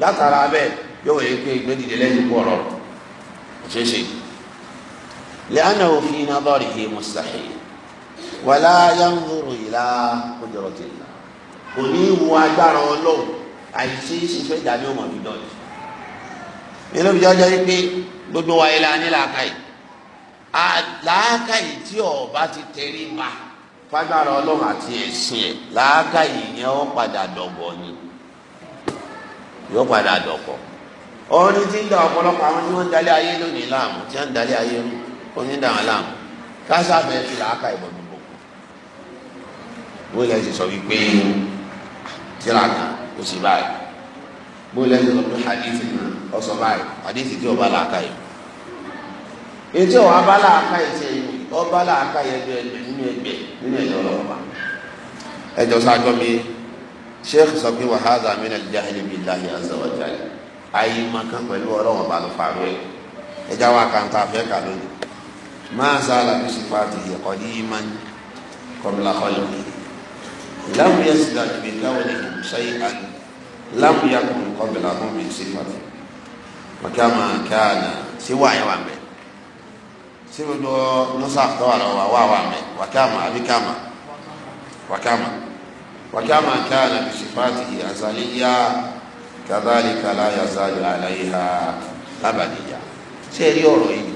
látara abẹ́ yóò wẹ̀ pé ìgbẹ́dìde lẹ́yìn kú ọ̀rọ̀ ṣeéṣe. lẹ́hánà òfin iná bọ́ọ̀rì kì í mustahil wàlá yanzuru ìlà qudrati Allah kò ní wo agbára ọlọ́run àìsí ìṣiṣẹ́ ìdá ni ó mọ̀ fi dọ̀tí. nínú ìjọ́jọ́ yìí pé gbogbo wa ilé anílàákàyè làákàyè tí ọba ti tẹrí ma fagbára ọlọ́run àti ẹ̀sìn ẹ̀ làákàyè yẹn ó padà dọ̀bọ̀ ni yóò padà dọ̀bọ̀ orin tí ń da ọ̀pọ̀lọpọ̀ àwọn tí wọ́n ń dalẹ̀ ayé lónìí láàmú tí wọ́n ń dalẹ̀ ayé rú orin dà wọ́n láàmú kásáfẹ́ fi làákàyè bọ̀ gbogbo wọ́n lè ṣe sọ wípé tíra kan ó sì báyìí wọ́n lè ṣe sọ pé hadith náà ó sọ báyìí hadith tí ọba làákàyè etí ọ̀wọ́ abala aka ìṣe ọbala aka ìyẹ̀dọ̀ nínú ẹgbẹ́ nínú ẹ̀dọ̀ ọlọ́wọ́ba ẹjọ́ sáájọ́ mi sheikh sọ pé wàhálà min al-jahli billahi azza wa jalla ayé maka pẹ̀lú ọlọ́wọ́ba ló farú ẹ̀ ẹjọ́ wa kà ń ta fẹ́ kà lónìí máa sá alábi sípò àti ìyẹ̀kọ́dí iman qabla khalqi lam yasdad bi kawnihi shay'an lam yakun qablahu min sifati wa kama kana síwáyé wà mẹ́ẹ̀ sí gbogbo musa tó wà lọ́wọ́ wà wà mẹ́ wàkàmà àbí kàmà wàkàmà wàkàmà kana bi sifatihi azaliya kadhalika la yazalu alayha abadiya ṣé ẹ rí ọ̀rọ̀ yìí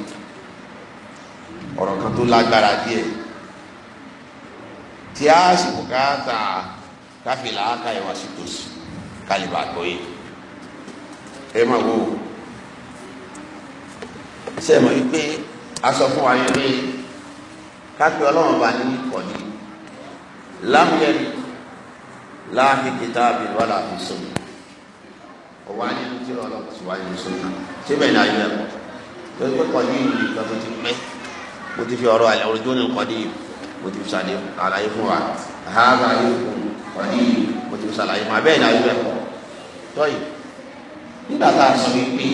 ọ̀rọ̀ kan tó lágbára díẹ̀ tí a sì bùkátà káfíńlá ká ìwà sí tòsí kálíbà gbọ́ yìí ẹ máa wò ṣe é mọ̀ wípé aṣọ fún wa yẹn lé kápẹ́ ọlọ́run bá ní ìkọ̀dí lámúyẹ́ni láàfin kìtà bíi wàlà fi sọmi ọwọ́ á ní ẹni tí ọlọ́run ti wáyé sọmi síbẹ̀ ní ayé ẹ̀kọ́ lórí pé kọ̀dí yìí nìkan tó ti pẹ́ mo ti fi ọ̀rọ̀ àlẹ́ òrùjọ́ ní kọ̀dí yìí mo ti fi sàlẹ̀ àlàyé fún wa àhàbà yìí kọ̀dí yìí mo ti sàlàyé fún wa bẹ́ẹ̀ ní ayé ẹ̀kọ́ tọ́yì nígbà tá a sọ wípé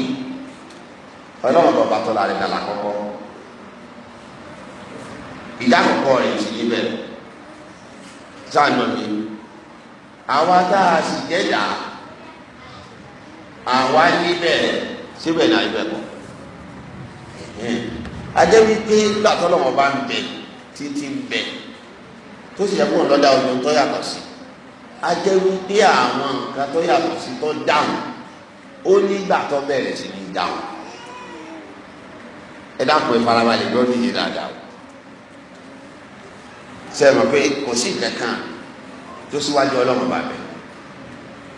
ọlọ́run bàbá tó la rẹ̀ kọ́kọ́ ìdákọ̀kọ̀ rẹ̀ ti yé bẹ́ẹ̀ sáànà mi àwa tá a sì jẹ́dà àwa níbẹ̀ síbẹ̀ náà ibẹ̀ kọ́ ajẹ́bí pé gbàtọ́lọ́mọ bá ń bẹ títí ń bẹ tó sì yẹ kó lọ́dà ọdún tó yàtọ̀ sí ajẹ́bí pé àwọn nǹkan tó yàtọ̀ sí tó dáhùn ó nígbà tó bẹ̀rẹ̀ sí ní dáhùn ẹ dákun ìfarabalẹ̀ lọ́dún yìí dáadáa o sẹ́yìn pé kò sí nǹkan kan tó síwájú ọlọ́run bá bẹ̀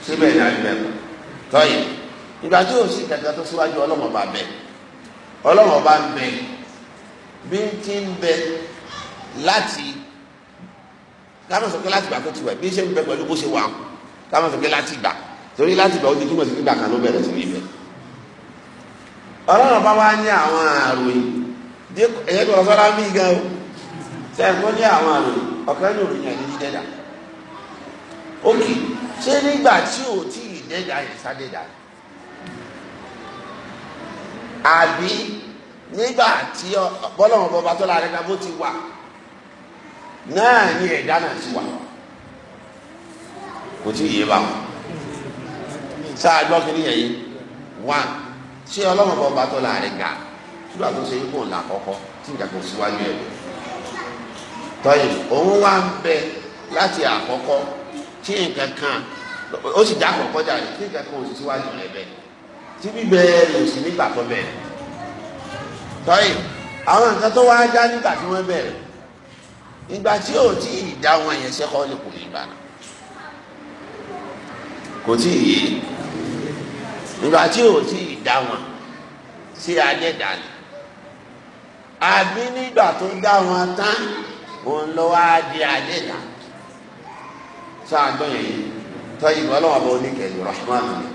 síbẹ̀ ní àgbẹ̀ kù tọ́yìn ìgbà tí ò sí nǹkan kan tó síwájú ọlọ́run bá bẹ̀ ọlọ́run bá ń bẹ bí ń ti ń bẹ láti kámọ̀ sọ pé láti ìgbà tó ti wẹ̀ bí ṣe ń bẹ pẹ̀lú bó ṣe wà kámọ̀ sọ pé láti ìgbà torí láti ìgbà ó ti túmọ̀ sí nígbà kan ló bẹ̀rẹ̀ sí níbẹ̀ ọlọ́run bá wá ní àwọn àròyìn ẹ̀yẹ́ kọ́ sọ́ra gan o. sẹ́yìn ní àwọn àròyìn ọ̀kan ní òròyìn ẹni ní dẹ́dà ókè ṣé nígbà tí ò tí ì dẹ́dà àbí nígbà tí bọ́lọ́mọ bọba tó la bó ti wà náà ní ẹ̀dá náà ti wà kò tí ì yé bá wọn ṣé tó la tọ́yìn òun wá ń bẹ láti àkọ́kọ́ tí nǹkan kan ó sì dá àkọ́kọ́ jáde tí nǹkan kan ò sì síwájú rẹ̀ bẹ̀ tí bíbẹ̀ rẹ̀ ò sì nígbà kan bẹ̀ tọ́yìn àwọn nǹkan tó wá dá nígbà tí wọ́n bẹ̀rẹ̀ ìgbà tí ò tí ì dá wọn yẹn ṣẹ́kọ́ lè kò ní ìbànú kò tí ì yé ìgbà tí ò tí ì dá wọn sí adẹ́dàá ni àbí nígbà tó dá wọn tán òun ló wá di àlè dà sọ àgbọn yẹn tọyì ọlọ́wọ́ bá oníkẹyìn rahman ni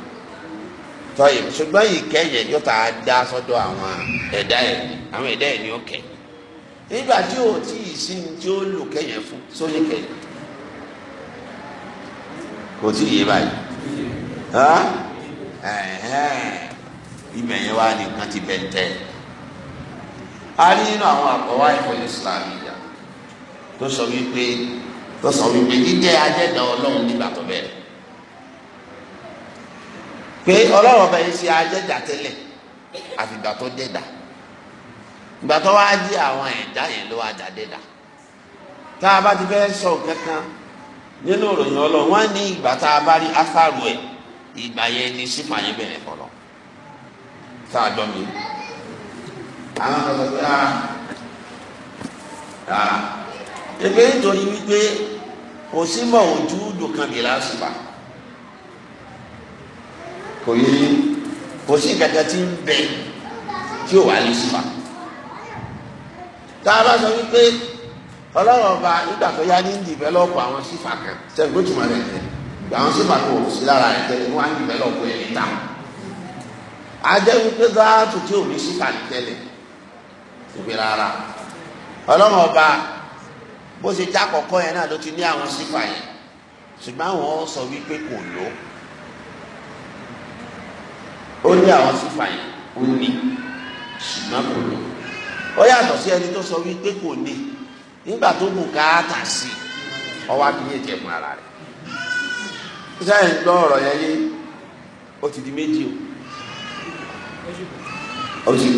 tọyì ṣùgbọ́n yìí kẹyìn yóò tà á dá sọ́dọ̀ àwọn ẹ̀dá ẹ̀ àwọn ẹ̀dá ẹ̀ ni ó kẹ nígbà tí o tí ì sí ní tí ó lò kẹyìn fún sóní kò tí yé báyìí ibẹ̀ yẹn wá nìkan ti bẹ̀ tẹ̀ a ní inú àwọn àkọ́wá ìfọ̀ islam yìí tó sọ wípé tó sọ wípé jíjẹ́ ajẹ́dá ọlọ́run nígbà tó bẹ̀rẹ̀ pé ọlọ́run ọba yìí ṣe ajẹ́dá tẹ́lẹ̀ àfìgbà tó dẹ́dà ìgbà tó wá jí àwọn ẹ̀dá yẹn ló wá dá dẹ́dà tá a bá ti fẹ́ sọ kankan nínú ìròyìn ọlọ́run wọ́n ní ìgbà tá a bá rí afárò ẹ̀ ìgbà yẹn ni sípà yẹn bẹ̀rẹ̀ fọlọ́ tá a gbọ́ mi. àwọn ọ̀dọ́ pé a. Ah, ah, ebi nítorí wípé kò sí mọ ojú dùkan bí lásùpà kò yé kò sí kankan tí ń bẹ tí ò wá lè sùpà tá a bá sọ wípé ọlọ́run ọba nígbà tó yá ní dìbẹ́lọ́pù àwọn sífà kan sẹ́yìn tó túmọ̀ rẹ̀ jẹ́ àwọn sífà kan sí lára ẹ̀ tẹ́lẹ̀ wọ́n á dìbẹ́lọ́pù ẹ̀ níta ajẹ́ wípé záàtù tí ò ní sífà tẹ́lẹ̀ ìgbéra ara ọlọ́run ọba bó ṣe já kọ̀ọ̀kọ́ yẹn náà ló ti ní àwọn sífà yẹn ṣùgbọ́n àwọn sọ wípé kò lò ó ní àwọn sífà yẹn ó ní ṣùgbọ́n kò lò ó yàtọ̀ sí ẹni tó sọ wípé kò ní nígbà tó kù káàtà sí ọwọ́ abiyẹ jẹ̀mú ara rẹ̀ sẹ́yìn gbọ́ ọ̀rọ̀ yẹn yé ó ti di méjì o ó ti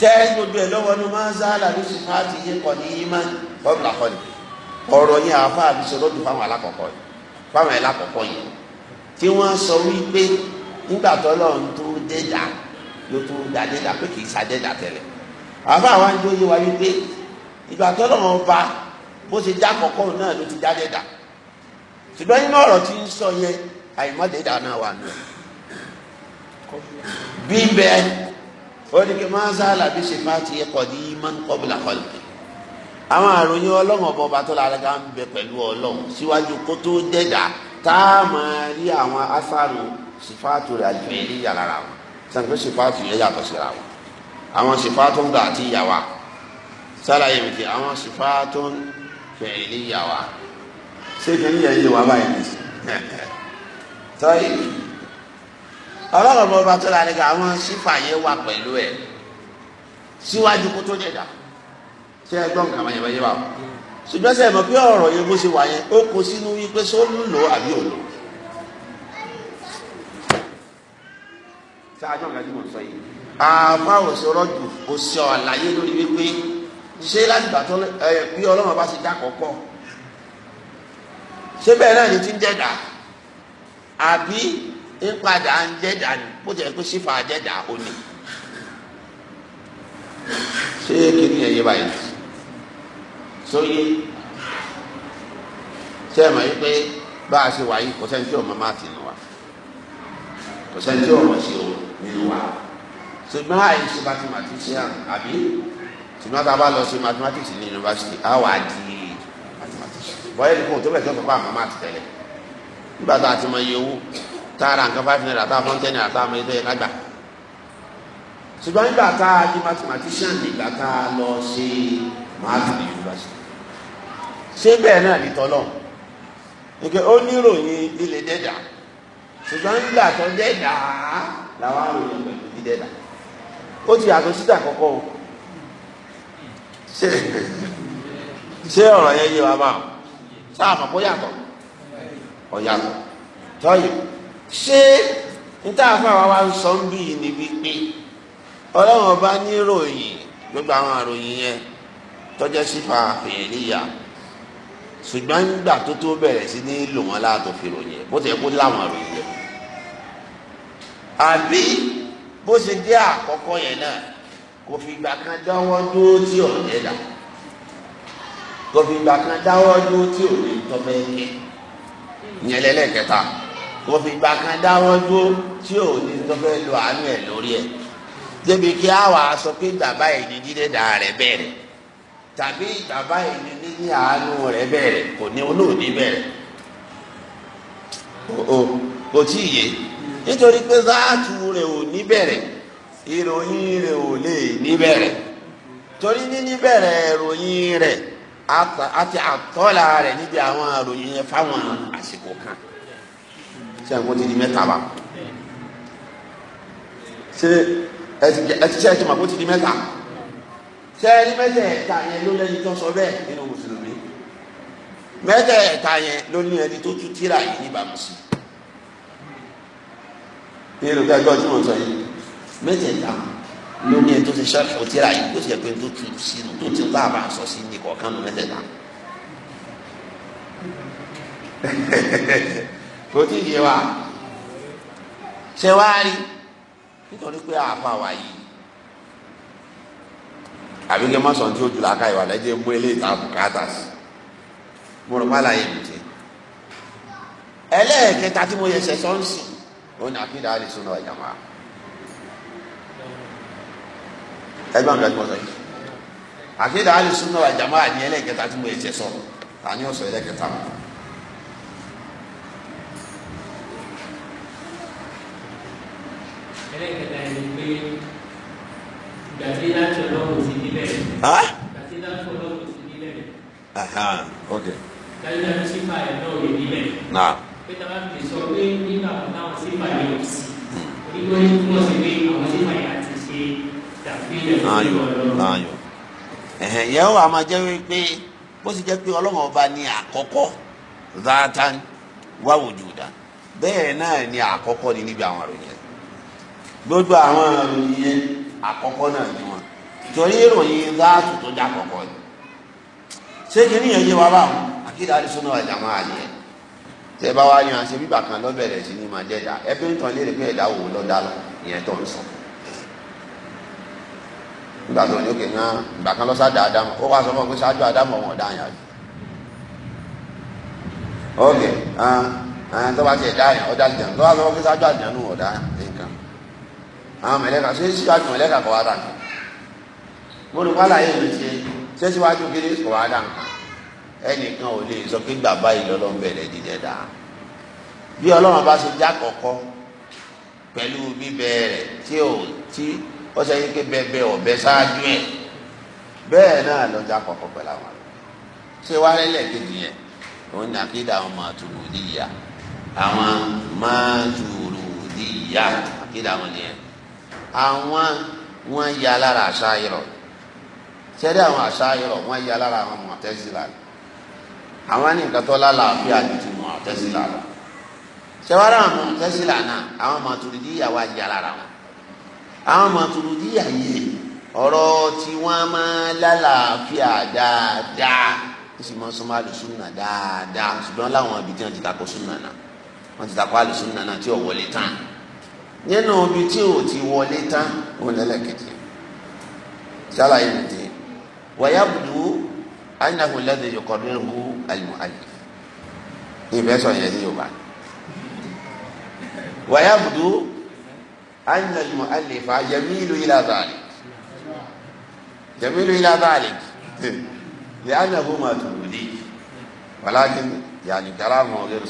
tẹ́ gbogbo ẹ̀ lọ́wọ́ ní máa ń sáàlà ní sùn láti yé kọ̀ ní yímá bọ́ọ̀lù làkọ́ ni ọ̀rọ̀ yẹn àfa àbísọ lọ́dún fáwọn alákọ̀ọ́kọ́ yìí fáwọn alákọ̀ọ́kọ́ yìí tí wọ́n sọ wípé nígbà tó lọ́n tó dẹ́dà ló tó da dẹ́dà pé kì í sa dẹ́dà tẹ́lẹ̀ àfa àwọn àjọ yé wa wípé ìgbà tó lọ́n ba bó ti dá kọ̀ọ̀kọ́ náà ló ti dá dẹ́dà ṣùgbọ́n nínú ọ̀rọ̀ tí ń sọ yẹn àìmọ́ dẹ́dà náà wà nù bíbẹ́ ó ní kí máa sáàlà bí ṣe máa ti kọ̀ ní máa ń kọ́bùlà kọ́lùkì àwọn àròyìn ọlọ́run ọba ọba tó lára ga ń bẹ pẹ̀lú ọlọ́run síwájú kó tó dẹ̀dà tá a máa rí àwọn afárò sífáàtò rẹ̀ àjùmọ̀ ní yàrá wọn sàǹkó sífáàtò yẹn yàtọ̀ síra wọn àwọn sífáàtò ń gbà àti ìyàwó sálàyé mi ti àwọn sífáàtò ń fẹ̀rẹ̀ ní ìyàwó ṣé kí yẹn yé báyìí [laughs] ọlọ́run ọba tó la nìkan àwọn sífà yẹn wà pẹ̀lú ẹ̀ síwájú kó tó jẹ̀dá ṣé ẹ gbọ́ nǹkan àmàyẹ̀wò yẹn wà o ṣùgbọ́n sẹ́yìn mọ̀ pé ọ̀rọ̀ yẹn bó ṣe wà yẹn ó kó sínú wípé ṣó ń lò àbí ò lò. ṣáájú ọ̀gá tí mo sọ yìí àfa òṣèrò jù òṣè ọ̀làyé lórí wípé ṣé láti gbàtọ́ ẹ bí ọlọ́run ọba ṣe dá ṣé bẹ́ẹ̀ náà ni ti ń jẹ̀dá àbí ìpadà ń jẹ́dà ni bó jẹ́ pé sífà jẹ́dà ó ní. ṣé kìnìún ẹ̀yẹ báyìí sóyè ṣé ẹ̀ mọ̀ yí pé bá a ṣe wà yìí kò sẹ́ni tí ọmọ máa ti nù wá kò sẹ́ni tí ọmọ ṣe ò nínú wa ṣùgbọ́n àìṣe mathematician àbí ṣùgbọ́n tá a bá lọ ṣe mathematics ní yunifásitì á wà á di mathematics bọ́yá ìdíkùn tó bẹ̀ tó fọ́ pa àmọ́ máa ti tẹ̀lé nígbà tá a ti mọ iye owó tààrà nǹkan five naira tá a fọ́n ten naira tá a mọ ẹgbẹ́ ká gbà ṣùgbọ́n nígbà tá a di mathematician nígbà tá a lọ ṣe math ní yunifásitì ṣé bẹ́ẹ̀ náà ní tọ́lọ̀ nígbà ó níròyìn líle dẹ́dà ṣùgbọ́n nígbà tó dẹ́dà làwọn àròyìn pẹ̀lú dídẹ́dà ó ti yàtọ̀ síta kọ́kọ́ o ṣe ṣe ọ̀rọ̀ yẹn yé wa bá o sáà mọ̀ kó yàtọ̀ ọ̀ yàtọ̀ tọ́yìn ṣé níta àfàwà wa ń sọ ń bí yìí ni wípé ọlọ́run ọba ní ròyìn gbogbo àwọn àròyìn yẹn tọ́jọ́ sí fa fèèríyà ṣùgbọ́n nígbà tó tó bẹ̀rẹ̀ sí ní lò wọ́n láàtọ̀ fi ròyìn bó ti yẹ kó láwọn àròyìn yẹn àbí bó ṣe jẹ́ àkọ́kọ́ yẹn náà kò fìgbà kan dáwọ́ dúró tí ò ní dà kò fìgbà kan dáwọ́ dúró tí ò ní tọ́ bẹ́ẹ̀ yẹn lẹ́lẹ́kẹta kò fìgbà kan dáwọ́ dúró tí ò ní tó fẹ́ lo àánú ẹ̀ lórí ẹ̀ débi kí á wàá sọ pé bàbá yìí ni dídẹ́dà rẹ̀ bẹ̀rẹ̀ tàbí bàbá yìí ni níní àánú rẹ̀ bẹ̀rẹ̀ kò ní olóòní bẹ̀rẹ̀ kò tí ì yé nítorí pé záàtù rẹ̀ ò ní bẹ̀rẹ̀ ìròyìn rẹ̀ ò lè ní bẹ̀rẹ̀ torí níní bẹ̀rẹ̀ ìròyìn rẹ̀ àti àtọ́là rẹ̀ níbi àwọn ìròyìn yẹn fáwọn àsìkò kan ṣé àwọn ti di mẹ́ta wa ṣé ẹ ti ṣe ti di mẹ́ta ṣé ẹni mẹ́tẹ̀ẹ̀ta yẹn ló lẹ́ni tó sọ bẹ́ẹ̀ nínú mùsùlùmí mẹ́tẹ̀ẹ̀ta yẹn ló ní ẹni tó tún tíra yìí níbàámu sí i nínú kẹgbẹ́ ọtí mo sọ yìí mẹ́tẹ̀ẹ̀ta ló ní ẹni tó ti ṣẹ́fù tíra yìí tó ti ẹgbẹ́ tó tún sínú tó ti láàbà sọ sí ní kọ̀ọ̀kan mẹ́tẹ̀ẹ̀ta. [laughs] kò wa ṣe wá rí nítorí pé àáfà wà yìí àbí kí n má sọ̀n tí ó jùlọ akáyọ̀ àdájẹ́ mú eléyìí tá a sí mo rò má láyé mi jẹ ẹlẹ́ẹ̀kẹta tí mo yẹ ṣe òun ni àfihàn àlè sọ́nà ọ̀jà máa ẹgbẹ́ àfihàn àlè ẹlẹ́ẹ̀kẹta tí mo yẹ ṣe ni ẹlẹ́kẹta ẹni pé gbàtí láti ọlọ́run ti nílẹ̀. gbàtí láti ọlọ́run ti nílẹ̀. dájúdájú sífà ẹ̀ náà lè nílẹ̀. pé tá a bá fi sọ pé nígbà táwọn sífà yẹn ò sí onígbó ní túmọ̀ sí pé àwọn sífà yẹn àti ṣe tàbí ilẹ̀ tó jẹ́ wípé bó ti jẹ́ pé ọlọ́run ọba ni àkọ́kọ́ zatan wáwùjúdà bẹ́ẹ̀ náà ni àkọ́kọ́ ni níbi àwọn àròyìn gbogbo àwọn ìròyìn yẹn àkọ́kọ́ náà ni wọn torí ìròyìn dáàtù tó já kọ̀kọ́ ni ṣé kí ni ìyẹn yé wa báwọn àkídà àdìsọ́nà ọ̀jà máa yẹ tẹ bá wá yan àṣẹ bíbà kan lọ́bẹ̀rẹ̀ sí ni máa jẹ́ ẹ̀dá ẹbí ń tàn léèrè pé ẹ̀dá wo lọ́dá lọ ìyẹn tó ń sọ nígbà tó ní òkè hàn ìgbà kan lọ sáàdà ádámù ó wá sọ fún ọ pé sáájú ádámù ọmọ ọ̀dá àyàn àjò ok ah, ah, tó ti ẹ̀dá àyàn ọ̀dá àjàn tó wá sọ fún ọ pé sáájú àjàn ọ̀dá àyàn àwọn mẹlẹ́ka ṣé síwájú mẹlẹ́ka kọ̀ wá dà nǹkan gbólùkọ́ àlàyé mi ti ṣé síwájú kiri kọ̀ wá dà nǹkan ẹnìkan ò lè sọ pé gbàgbá yìí lọ́lọ́ ń bẹ̀rẹ̀ dídẹ́ dà bí ọlọ́run bá ṣe já kọ̀kọ́ pẹ̀lú bíbẹ rẹ̀ tí ò tí ó ṣe yín pé bẹbẹ ọ̀bẹ ṣáájú ẹ̀ bẹ́ẹ̀ náà lọ já kọ̀kọ́ pẹ̀lú àwọn ṣé wàá rẹ́lẹ̀ kejì yẹn òun ní akéde àwọn máa tùrù àwọn wọn ya lára àṣà irọ́ sẹ́dí àwọn àṣà irọ́ wọn ya lára àwọn mọ̀tẹ́sílà àwọn ní nǹkan tó lálàáfíà ju ti mọ̀tẹ́sílà lọ sẹ́wárà àwọn mọ̀tẹ́sílà náà àwọn màtúrídíyà wá ya lára wọn àwọn màtúrídíyà yìí ọ̀rọ̀ tí wọ́n máa lálàáfíà dáadáa ó sì máa ń sọmọ àlùsùnà dáadáa ṣùgbọ́n láwọn ibi tí wọ́n ti takò sùnà náà wọ́n ti takò àlùsùnà náà tí ò wọlé tán nínú ibi tí ò ti wọlé tán òun lẹ́lẹ́kẹ̀jẹ̀ sálàyé mi ti wàyábùdú ayinahun lẹ́dẹ̀ yọkọ̀ nínú alimuhali ìfẹ́ sọ yẹn ní yorùbá wàyábùdú ayinahun alifa jamilu ila dhalik jamilu ila dhalik [laughs] li'annahu ma tuli walakin yani kalamu ghayr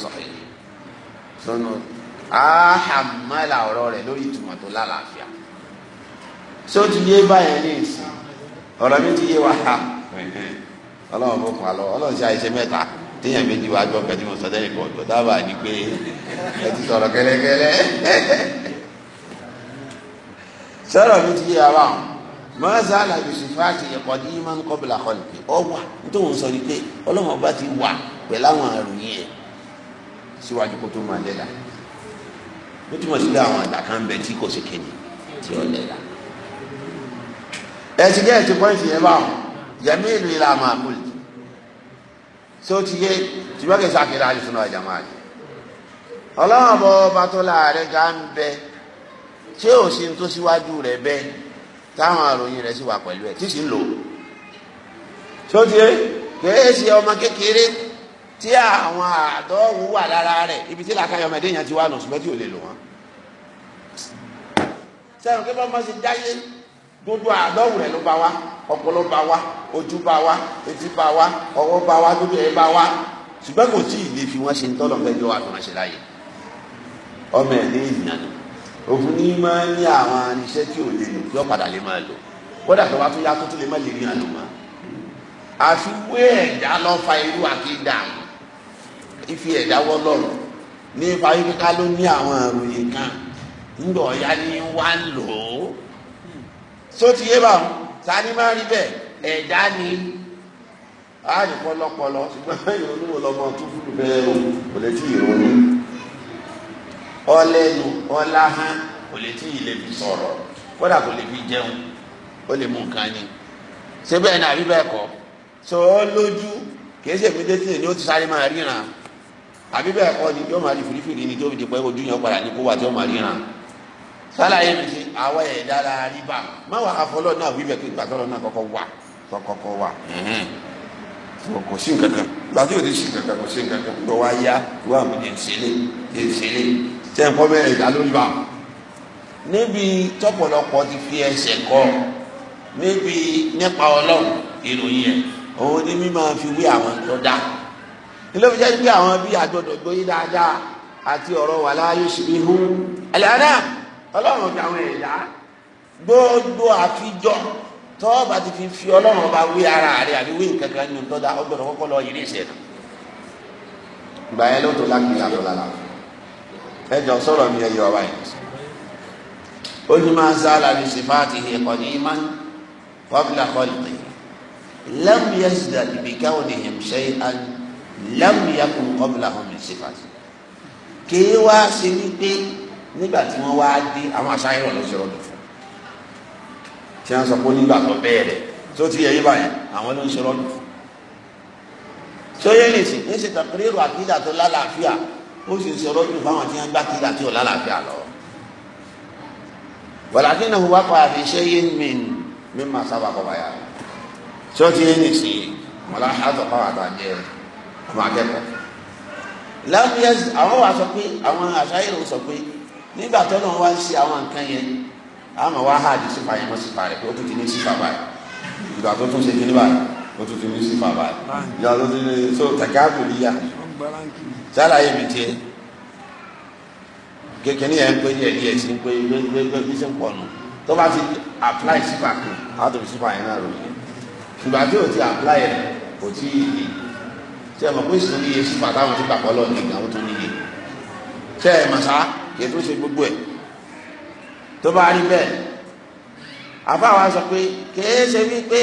ahamala ọ̀rọ̀ rẹ̀ lórí ìtumọ̀ tó lálàáfíà so ti yé báyẹn ní ìsìn ọ̀rọ̀ mi ti yé wa ha ọlọ́run fún wa lọ ọlọ́run ṣe àìṣe mẹ́ta téèyàn méjì wá gbọ́ ọ̀dọ̀ dábàá ni pé ẹ ti sọ̀rọ̀ kẹ́lẹ́kẹ́lẹ́ mi ti yé wa ẹ̀kọ́ ní imán kọ́bìlà ọ wà nítorí sọ ni pé ọlọ́run ọba ti wà pẹ̀láwọn síwájú ó túmọ̀ sí pé àwọn àgbà kan bẹ tí kò sí kéde tí ó lẹ̀ la ẹ ti gẹ́ ẹ ti pọ́ǹsì yẹn báwọn jẹ̀mí ìlú ilà máa kú lè tí ó ti yé tìbọ́kì sákìlá àjùsùn ọjà máa jẹ ọlọ́run ọba ọba tó láàárẹ̀ ga ń bẹ tí ò sí tó síwájú rẹ̀ bẹ táwọn àròyìn rẹ̀ sì wà pẹ̀lú ẹ̀ tí sì ń lò tí ó ti yé kèé ọmọ kékeré tí àwọn àdọ́wò wà lára rẹ̀ ibi tí làákàyọ̀ ọmọdé yẹn ti wà nù ṣùgbọ́n tí ò lè lò wọ́n. sẹ́yìn kí wọ́n ti dáyé gbogbo àdọ́wò rẹ̀ ló bá wa ọpọlọ bá wa ojú bá wa etí bá wa ọwọ́ bá wa gbogbo ẹ̀ bá wa ṣùgbọ́n kò tí ì lè fi wọ́n ṣe ń tọ́lọ̀ fẹ́jọ́ àtúnṣe láàyè ọmọ ẹ̀ ní ìyànjú òfin ní máa ń ní àwọn iṣẹ́ tí ò lè lò yọ padà lè máa lò kódà tó bá tún yá tó tún lè má lè rí àlùmọ́ àfiwé ẹ̀dá lọ́ fa irú àkéjà àwọn ìfi ẹ̀dáwọ́ lọ́rùn nípa kíkà ló ní àwọn àròyìn kan ńgbọ̀ ọ̀yá ni wá ń lò ó yé bá wọn sani máa rí bẹ́ẹ̀ ẹ̀dá ni ààyè pọlọpọlọ ṣùgbọ́n [laughs] ìrònú lọmọ tó bẹ́ẹ̀ o kò lè tí ì ronú ọlẹ́nu kò lè fi sọ̀rọ̀ kódà kò lè fi jẹun ó lè mú nǹkan ni ṣé bẹ́ẹ̀ ni àbí bẹ́ẹ̀ kọ́ sọ ọ́ lójú kì í àbí bẹ́ẹ̀ kọ́ ni yóò máa di fìrífìrí ni tó fi di pé ojú yẹn padà ní kó wà tí yóò máa ríran sálàyé mi ti àwa ẹ̀ dára rí bá má wà àfọlọ́ náà wíbẹ̀ pé ìgbà tọ́lọ́ náà kọ́kọ́ wà kọ́kọ́ wà kò sí nǹkan kan ìgbà tí yóò ti sí nǹkan kan kò sí nǹkan kan lọ wá yá wà mí ní ìṣẹ̀lẹ̀ ní ìṣẹ̀lẹ̀ tẹ ẹ kọ bẹ̀rẹ̀ ìdá lórí bá. níbi tọ́pọ̀lọpọ̀ ti fi ẹsẹ̀ kọ níbi nípa Ọlọ́run ìròyìn ẹ òun ni mi fi wí àwọn tó dáa ilé fi jẹ́ pé àwọn bí àjọdọ̀ gbóyè dáadáa àti ọ̀rọ̀ wà láàyè ṣùgbọ́n ihu ẹ̀lẹ́dà ọlọ́run ọ̀gá àwọn ẹ̀dá gbogbo àfijọ́ tọ́ọ̀bà ti fi fi ọlọ́run ọba wé ara rẹ̀ àbí wé nǹkan kan nínú tọ́da ọgbọ̀dọ̀ kọ́kọ́ lọ yìí nìṣẹ́ nù. ìgbà yẹn ló tó lágbèyà lọ lára ẹ sọ̀rọ̀ mi ẹ ọba yẹn. ó ní máa ń sá alábi sèfáàtì ẹ̀kọ́ ní imán kọ́bílà kọ́lì lam yazdad bi kawnihim shay'an lámùyàkùn kọ́bìlà hàn mí sífàtì kéé wá ṣe wípé nígbà tí wọ́n wá dé àwọn aṣáyẹ̀rọ̀ ló ṣe rọ́dùn fún tí wọ́n sọ pé nígbà tó bẹ̀rẹ̀ tó ti yẹ yí báyìí àwọn ló ń ṣe rọ́dùn fún sóyè nìsín ní ṣe tàkìrìrò àkídà tó lálàáfíà ó sì ṣe rọ́dùn fún àwọn tí wọ́n gbá àkídà tó lálàáfíà lọ. wàlákìnnà wà pa àfiṣẹ́ yé mi mi máa sábà kọ́ báyà sọ́ọ́ ti yé nìsín mọ̀lá àtọ̀kọ́ àtàjẹ́ rẹ̀ àwọn akẹ́kọ̀ọ́ lẹ́mìíyẹ́sì àwọn wa sọ pé àwọn àṣàyẹ̀wò sọ pé nígbà tó náà wá ń ṣe àwọn nǹkan yẹn àmọ́ wá hà di sífà yẹn mọ́ sífà rẹ̀ pé ó tún ti ní sífà báyìí ìgbà tó tún ṣe kí ní báyìí ó tún ti ní sífà báyìí ìgbà tó ti ní so tàkàbù níyà sára yẹn mi tiẹ̀ kékeré yẹn ń pé díẹ̀ díẹ̀ sí ń pé gbégbé bí ṣe ń pọ̀ nù tó bá ti apply sífà kan á tó fi sífà yẹn náà rò yẹn ìgbà tí ò ti apply yẹn kò tí ì tí ẹ mọ̀ pé ìsìn níye sí bàtà àwọn tí gbàgbọ́ lọ ní ìgbàwó tó níye tẹ́ ẹ mọ̀ sá kí ẹ tó ṣe gbogbo ẹ̀ tó bá rí bẹ́ẹ̀ àfáwa sọ pé kìí ṣe wípé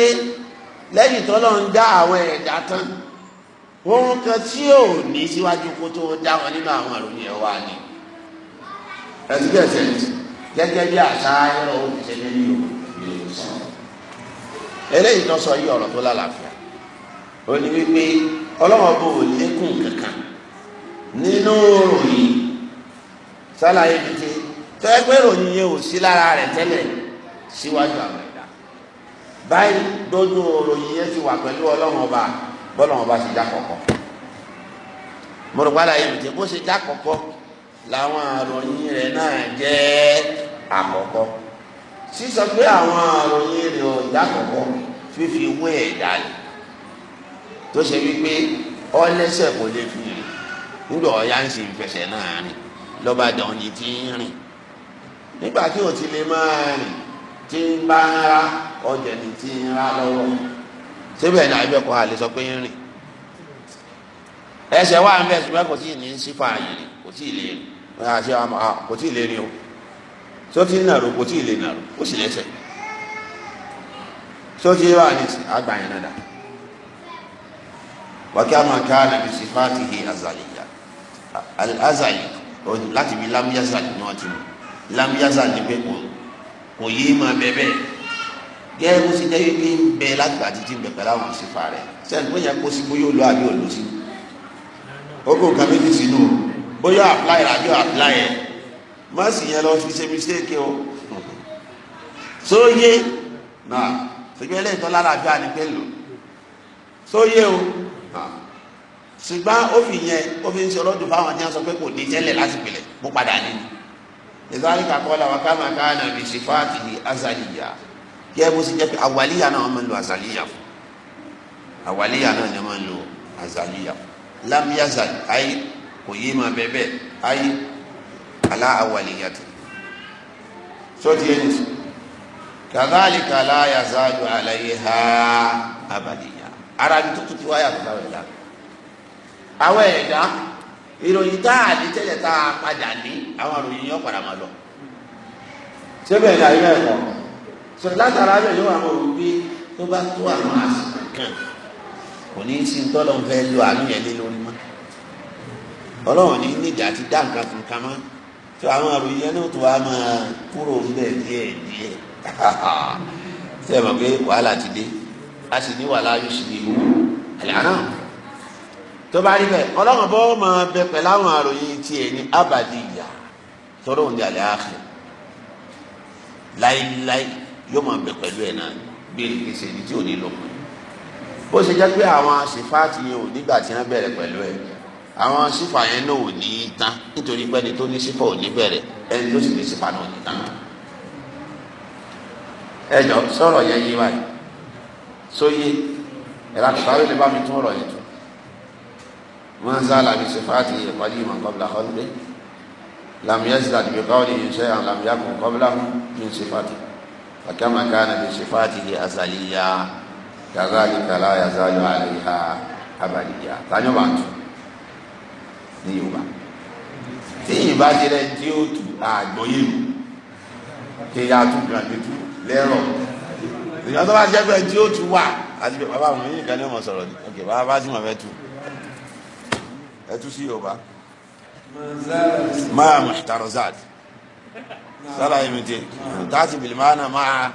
lẹ́yìn tó lọ ń dá àwọn ẹ̀dá tán ohun kan tí ò ní síwájú kó tó dá wọn nínú àwọn àròyìn ẹ̀ wá ni ẹtí bí ẹsẹ̀ ní gẹ́gẹ́ bí àṣà ẹ̀rọ òṣèlú ní Yorùbá eléyìí tó sọ yí ọ̀rọ̀ tó lálàáfíà ó ní wípé ọlọ́wọ́n bò lékún kankan nínú ròyìn sálàyé pété tẹ́gbẹ́ ròyìn yẹn ò sí lára rẹ̀ tẹ́lẹ̀ síwájú àwọn ẹ̀dá báyìí dójú ròyìn yẹn ti wà pẹ̀lú ọlọ́wọ́n ọba bọ́lọ́wọ́n ọba ti dá kọ̀kọ́ mọ̀rọ̀gbálà yẹn pété bó ṣe dá kọ̀kọ́ làwọn àròyìn rẹ̀ náà jẹ́ àkọ́kọ́ sísọ pé àwọn àròyìn rẹ̀ ò dá kọ̀kọ́ fífi wé ẹ̀dá ni. tó ṣe wípé ọlẹ́sẹ̀ kò lè fi rìn nígbà ń ṣe ìfẹsẹ̀ náà rìn lọba dàn ní ti ń rìn nígbà tí ò ti lè máa rìn tí ń bá ń ra ọjà ní ti ń ra lọ́wọ́ síbẹ̀ ní àbẹ̀ kọ́ àlè sọ pé rìn ẹsẹ̀ wà ń bẹ̀ o tí ó ti ń kò tí wàkàmà káàna bí sifatihi azaliya azali láti bí lamyazali ni wọn ti mú lamyazali ni pé kò yé ma bẹbẹ gẹ́gẹ́ sí jẹ́ pé ń bẹ látìgbà títí ń bẹ pẹ̀lú àwọn sífà rẹ̀ sẹ́ni bóyá kó sí bóyá olú àbí olú sí ó kó nǹkan méjì sínú bóyá apply rẹ̀ àbí apply ẹ̀ má sì yẹn lọ fi ṣe mistake o sóyè náà ṣùgbọ́n eléyìí tó lára àbí ànípẹ́ lò sóyè o ṣùgbọ́n ó fi yẹn ó fi ń ṣe ọlọ́dún fáwọn àti sọ pé kò ní tẹ́lẹ̀ lásìkò lẹ̀ bó padà ní. ìdárí kàkọ́lá wa káàmà káànà bí sífáàtì ní azaliya kí ẹ bó ṣe jẹ́ pé àwàlíyà náà máa ń lo azaliya fún àwàlíyà náà ni máa ń lo azaliya fún lámíyàzà ayé kò yé máa bẹ bẹ́ẹ̀ ayé alá àwàlíyà tó sọ́tì ẹni sùn kàdáàlì kàlá yàzá àlàyé ha abàlíyà ara ní tuntun wáyà tó bá láti àwọn ẹ̀dá ìròyìn tá a ní tẹ́lẹ̀ tá a padà ní àwọn ìròyìn yóò padà máa lọ. sẹ́bẹ̀ ẹ̀dá ilé ẹ̀kọ́ sọ̀rọ̀ látara abẹ́ yóò wà mọ̀ wípé tó bá tó àwọn àsìkò kan kò ní í sí ń tọ́lọ́ fẹ́ lo àánú yẹn lé lórí mọ́ ọlọ́run ní níjà ti dá nǹkan fún kama tó àwọn ìròyìn yẹn náà tó wá máa kúrò ńbẹ̀ díẹ̀ díẹ̀ sẹ́ẹ̀ [laughs] pé wàhálà ti dé a sì ní wàhálà yóò sì ní ìlú àlẹ́ àná tó bá rí bẹ́ẹ̀ ọlọ́run bọ́ máa bẹ pẹ̀lú àwọn àròyìn tiẹ̀ ní abàdí ìyá tọ́rọ òun ní alẹ́ ààfin láíláí yóò máa bẹ pẹ̀lú ẹ̀ náà bí ìgbésẹ̀ ní tí ò ní lọ́kùn bó ṣe jẹ́ pé àwọn sífáàtì yẹn ò nígbà tí wọ́n bẹ̀rẹ̀ pẹ̀lú ẹ̀ àwọn sífà yẹn náà ò ní í tán nítorí pé ẹni tó ní sífà ò ní bẹ̀rẹ̀ ẹni tó sì ní sífà náà ò ní tán ẹ jọ sọ̀rọ̀ yẹn yí wáyé sóyè ẹ̀rọ àkùkọ àwọn ènìyàn bá mi tún ọ̀rọ̀ yẹn tún. من زال بصفاته قديما قبل خلقه لم يزدد بقوله شيئا لم يكن قبله من صفاته فكما كان بصفاته أزلية كذلك لا يزال عليها أبديا ثاني بعد نيوبا tíyìn bá jẹrẹ tí ó tu àgbọ́yé mu kéèyà tún gbàgbé tu lẹ́rọ̀ ìyọ́n tó bá jẹ́ pé tí ó tu wà àti bàbá mi yìí kan ní ọmọ sọ̀rọ̀ ni ok bàbá bá ti mọ̀ fẹ́ tu ẹ tú sí yorùbá máa muhtarozat sálà yìí mi tẹ tààtì bilimánà máa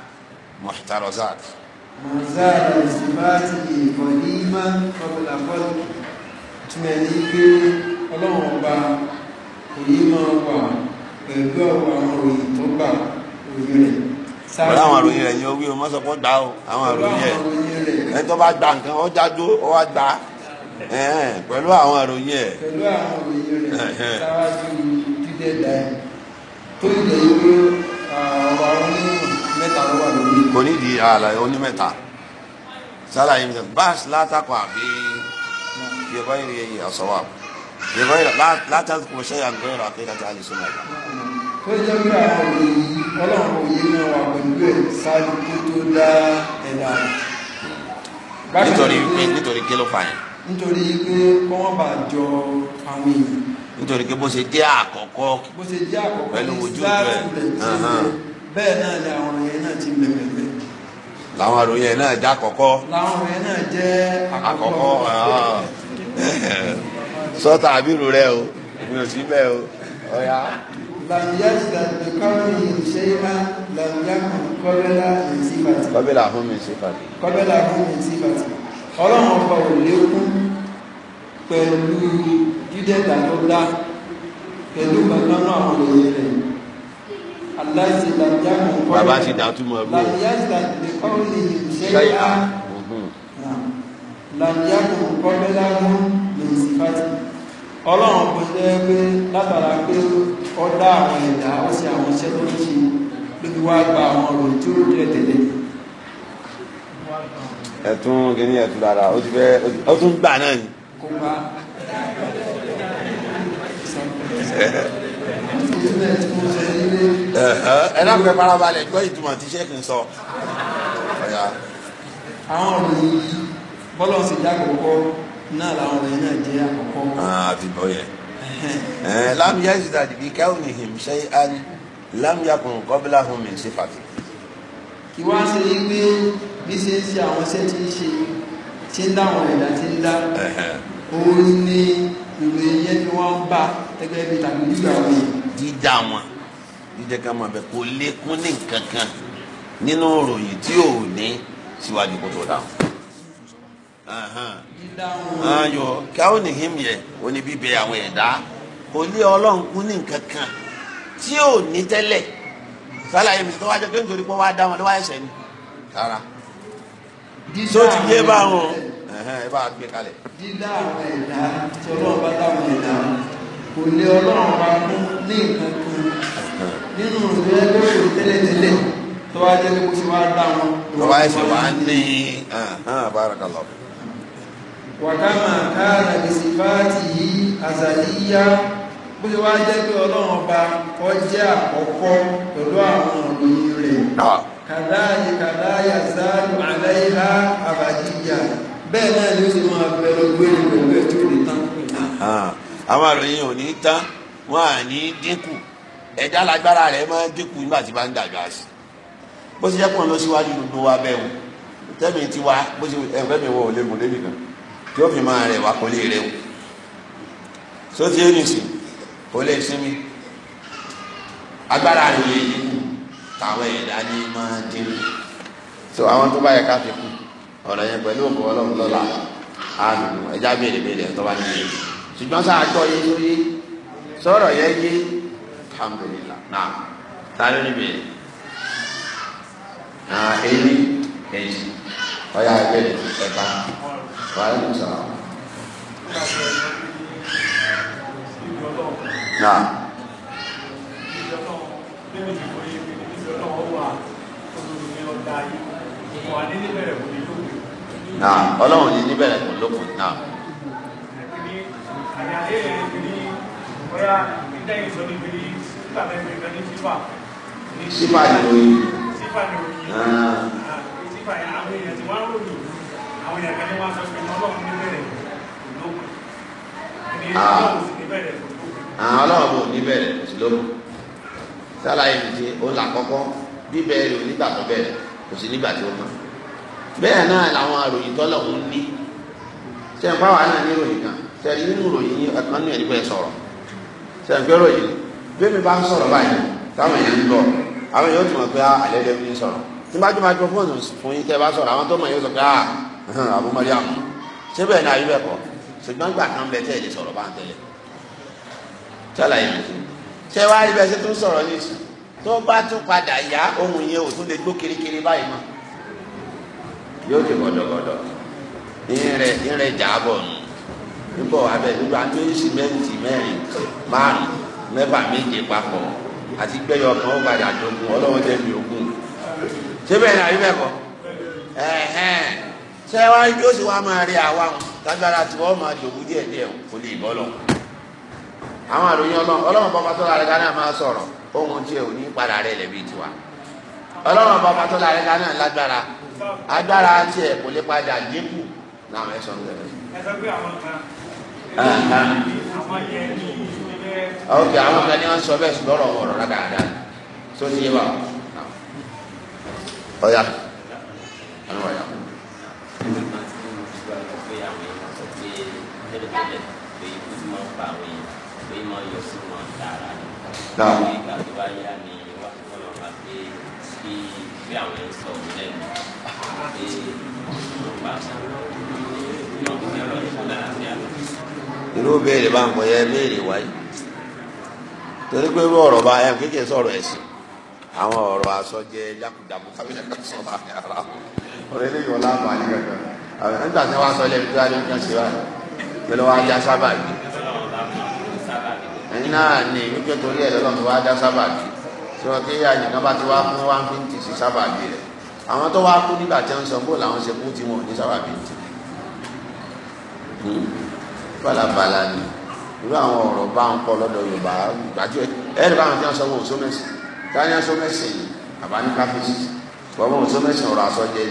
muhtarozat. mọ̀nsáàlì sífàtì ìkọ̀límà kọ́bùlà kọ́lù túmẹ̀ ní pé ọlọ́run ọba èyí máa wà pẹ̀lú ọ̀pọ̀ àwọn òyìn tó gbà òyìn rẹ̀ pẹ̀lú àwọn àròyìn rẹ̀ ni ó wí o mọ́sọ̀kọ́ gbà o àwọn àròyìn rẹ̀ ẹni tó bá gba nǹkan ó jájú ó wá gbà á. Eh, pẹ̀lú àwọn àròyé ẹ̀. pẹ̀lú àwọn àròyé rẹ̀ ṣáájú dídẹ̀dá ẹ̀ tó ìdẹ̀ yìí ọ̀rọ̀ àwọn onímọ̀ mẹ́ta ló wà lórí. kò ní di àlàyé onímẹ́ta sálàyé mi sọ báàsì látàkọ àbí yorùbá yìí yẹ yìí àsọwà yorùbá yìí látàkọ kò ṣe àgbẹ̀ yìí àti ìdájọ́ àlè sọ́nà ìgbà. tó jẹ́ pé àwọn òye ọlọ́run òye náà wà pẹ̀lú ẹ̀ ṣáájú tó tó dá ẹ̀dá. nítorí pé nítorí kí ló fà yẹn nítorí pé kọ́ wọ́n bá jọ àwọn èèyàn. nítorí pé bó ṣe jẹ́ àkọ́kọ́ bó ṣe jẹ́ àkọ́kọ́ pẹ̀lú ojú rẹ̀ bẹ́ẹ̀ náà ni àwọn yẹn náà ti bẹ̀rẹ̀ bẹ́ẹ̀. làwọn àròyìn yẹn náà jẹ́ àkọ́kọ́. làwọn yẹn náà jẹ́ àkọ́kọ́. Ah. [laughs] sọ́tà àbírù rẹ o mi ò sí bẹ́ẹ̀ o ọ̀ya. làmìyàtìlá ìkọ́ni ṣe é má làmìyàkùn kọ́bẹ́lá mi sí fàtì. kọ́bẹ́lá fún mi sí fàtì. kọ́bẹ́lá fún mi sí fàtì ọlọ́run ọba ò lékún pẹ̀lú dídẹ́ta tó dá pẹ̀lú gbàgbọ́nà àwọn ènìyàn rẹ̀ aláìsèdájáàmù kọ́ bàbá ti dàtúmọ̀ gbó làyàsìdàkọ́ ní ìṣẹ́yà làyàkù kọ́bẹ́láwó lèzìfàtì ọlọ́run kò jẹ́ pé látara pé ó dá àwọn ẹ̀dá ó sì àwọn iṣẹ́ tó ń ṣe lóbi wá gba àwọn ọ̀rọ̀ tí ó jẹ́ tẹ̀lé ẹtún kìíní ẹtún dára ó ti fẹ́ ó tún gbà náà ni. ẹ náà fẹ́ farabalẹ̀ gbọ́ ìtumọ̀ tí sẹ́ẹ̀kì ń sọ. àwọn ọ̀rọ̀ yìí bọ́lá ọ̀sẹ̀ jẹ́ àkọ́kọ́ náà làwọn ọ̀rọ̀ yìí náà jẹ́ àkọ́kọ́. àfi bọ́ yẹ. lámìyá ìsìtàjì bíi kẹ́hùn ní hìmṣẹ́ àní lámìyá kùn kọ́bílà hùn mí sí fàtí. kí wọ́n á ṣe yí pé bí ṣe ń ṣe àwọn iṣẹ́ tí ń ṣe tí ń dáwọn ẹ̀dá tí ń dá òun ni ìròyìn yẹn ni wọ́n ń bá gẹ́gẹ́ bí tàbí dídá wọn. dídá wọn dídá kan máa bẹ kó lékún ní nǹkan kan nínú ìròyìn tí ò ní síwájú kó tó dáhùn. ayọ̀ káwọn nìyẹn yẹ oní bíbẹ àwọn ẹ̀dá kò lé ọlọ́run kún ní nǹkan kan tí ò ní tẹ́lẹ̀ sálàyé mi tó wájú kí n torí pé wàá dá wọn lọ́wọ́ ẹ̀sẹ̀ ni. rárá tó ti yé bá wọn ẹ bá gbé kalẹ̀. dídá àwọn ẹ̀dá tí ọlọ́run bá dáwọn ẹ̀dá kò lé ọlọ́run bá mú ní nǹkan kan nínú ìlú ẹgbẹ́ òṣèlú tẹ́lẹ̀tẹ́lẹ̀ tó wá jẹ́ pé kó ti wá dá wọn. bàbá ẹsẹ̀ wá ní barakallah. wàkàmà káàdà gbèsè fáàtì yìí àzàlíyá bó ṣe wá jẹ́ pé ọlọ́run ọba ọjẹ́ àkọ́kọ́ pẹ̀lú àwọn òròyìn rẹ̀. Ah kàdáyìíká láyà záàlù àláyà àbàdíyà bẹ́ẹ̀ náà ló ti máa bẹ lọ́gbẹ́ ìgbẹ́gbẹ́ tí ò ní tán. àwọn àròyìn ò ní tán wọn à ní dínkù ẹ̀dá lágbára rẹ̀ máa ń dínkù nígbà tí bá ń dàgbà sí bó ṣe jẹ́ pọ̀ lọ síwájú gbogbo wa bẹ́ẹ̀ wò tẹ́mi ti wá bó ṣe ẹ̀fẹ́ mi wọ òlé mọ̀lẹ́bí kan tí ó fi máa rẹ̀ wá kò rẹ̀ wò sóti ẹ̀rìnsì kò lè sinmi agbára rẹ̀ ò lè tàwọn ẹ̀dá ní máa dín so àwọn tó bá yẹ ká fi kú ọ̀rọ̀ yẹn pẹ̀lú òkú ọlọ́run lọ́la àlùkò ẹja béèrè béèrè ẹ̀ tó bá nílé ṣùgbọ́n sáà gbọ́ yé sóyé sọ̀rọ̀ yẹ yé alhamdulillah náà tani ó ní béèrè náà ẹni ẹni ọ̀yà ẹgbẹ́ni ẹ̀ka wàhálà ń sọ̀rọ̀. náà náà ọlọ́run ní níbẹ̀rẹ̀ kò lókun náà. sífà ni oyin. sífà ni oyin. sífà yẹn àwọn èèyàn ti wọ́n ròyìn àwọn èèyàn kan ní wọ́n sọ pé ọlọ́run níbẹ̀rẹ̀ kò lókun. ọlọ́run sì níbẹ̀rẹ̀ kò lókun. ọlọ́run kò níbẹ̀rẹ̀ kò lókun. sálàyé ti o là kọ́kọ́ bíbẹ̀rẹ̀ onígbà tó bẹ̀rẹ̀ kò sí nígbà tí ó mọ̀ bẹ́ẹ̀ náà làwọn àròyìn tọ́lọ̀ ń ní sẹ́yìn fáwọn àná ní ìròyìn kan sẹ́yìn nínú ìròyìn yín ọ̀kan ní ẹ̀dígbẹ́ sọ̀rọ̀ sẹ́yìn fẹ́ ròyìn bẹ́ẹ̀ mi bá ń sọ̀rọ̀ báyìí táwọn èèyàn ń lọ àwọn èèyàn ó ti mọ̀ pé ah, alẹ́ lẹ́bi ń sọ̀rọ̀ tí bá jù máikrófóònù fún yín tẹ́ bá sọ̀rọ̀ àwọn tó mọ̀ yóò sọ pé àbú mọ́lẹ́ àmọ́ ṣé bẹ́ẹ̀ ni àyùbẹ̀ ṣùgbọ́n gbà kan bẹ tẹ́ sọ̀rọ̀ bá ń tẹ́lẹ̀ tẹ́lẹ̀ yìí tẹ́ wá ibẹ̀ ṣe tún sọ̀rọ̀ ní ìsìn tó bá tún padà yá ohun yẹn ò tún lè báyìí mọ yóò di gọdọgọdọ ìrẹ ìrẹ jàbọ nù nígbà abẹ nígbà méjì mẹ́rin mẹ́rin márùn mẹ́fà méje papọ̀ àti gbẹyọ kan ó padà jogun mi ògùn yóò sì wá máa rí àwa àwọn àròyìn ọlọ́run ọlọ́run bọ́ba tó lára gánà máa sọ̀rọ̀ ohun tí ò ní padà rẹ̀ lẹ́bi tiwa ọlọ́run bọ́ba tó lára gánà lágbára agbára tiẹ̀ kò lè padà dínkù làwọn ẹ̀sọ́ ń tẹ̀lé. ẹ sọ pé àwọn kan àwọn ok àwọn kan ní wọn sọ bẹ́ẹ̀ sùgbọ́n ọ̀rọ̀ ọ̀rọ̀ dáadáa tó ti yé wa ọ̀ya àwọn ọ̀ya. tẹ́lẹ̀ tẹ́lẹ̀ pé ikú ti máa ń pa àwọn máa yọ sí ni. ní ìgbà tó bá yá ni wà fún wọn bá pé kí bí àwọn ẹ̀ ń sọ òun lẹ́nu pé wọ́n bá yọ sí ọ̀rọ̀ ìfúnná àti àná. irú béèrè bá ń bọ̀ yẹ béèrè wáyé torí pé irú ọ̀rọ̀ bá yà kéèké sọ̀rọ̀ ẹ̀sìn àwọn ọ̀rọ̀ àsọjẹ jákujàku kábíyà kan sọ láàrin ara ọ̀rọ̀ eléyìí wọn láàbà ní kankan nígbà tí wọ́n sọ lẹ́nu tí wọ́n á ní kan ṣe báyìí pẹ̀lú wọn ajá sábà yìí náà ni wípé torí ẹ̀ lọ́lọ́run tó wá dá sábàbí tí wọ́n ké yá nìkan bá ti wá fún one fifty sí sábàbí rẹ̀ àwọn tó wá kú nígbà tí wọ́n sọ bó làwọn ṣe kú tí wọn ní sábàbí ti hmm. balabala ni irú àwọn ọ̀rọ̀ bá ń kọ́ lọ́dọ̀ Yorùbá gbàjú ẹ ẹ̀rí báwọn tí wọ́n sọ wọn ò sọ mẹ́sìn táwọn yẹn sọ mẹ́sìn yìí àbá ní káfíńsì wọ́n wọn ò sọ mẹ́sìn ọ̀rọ̀ àsọjẹ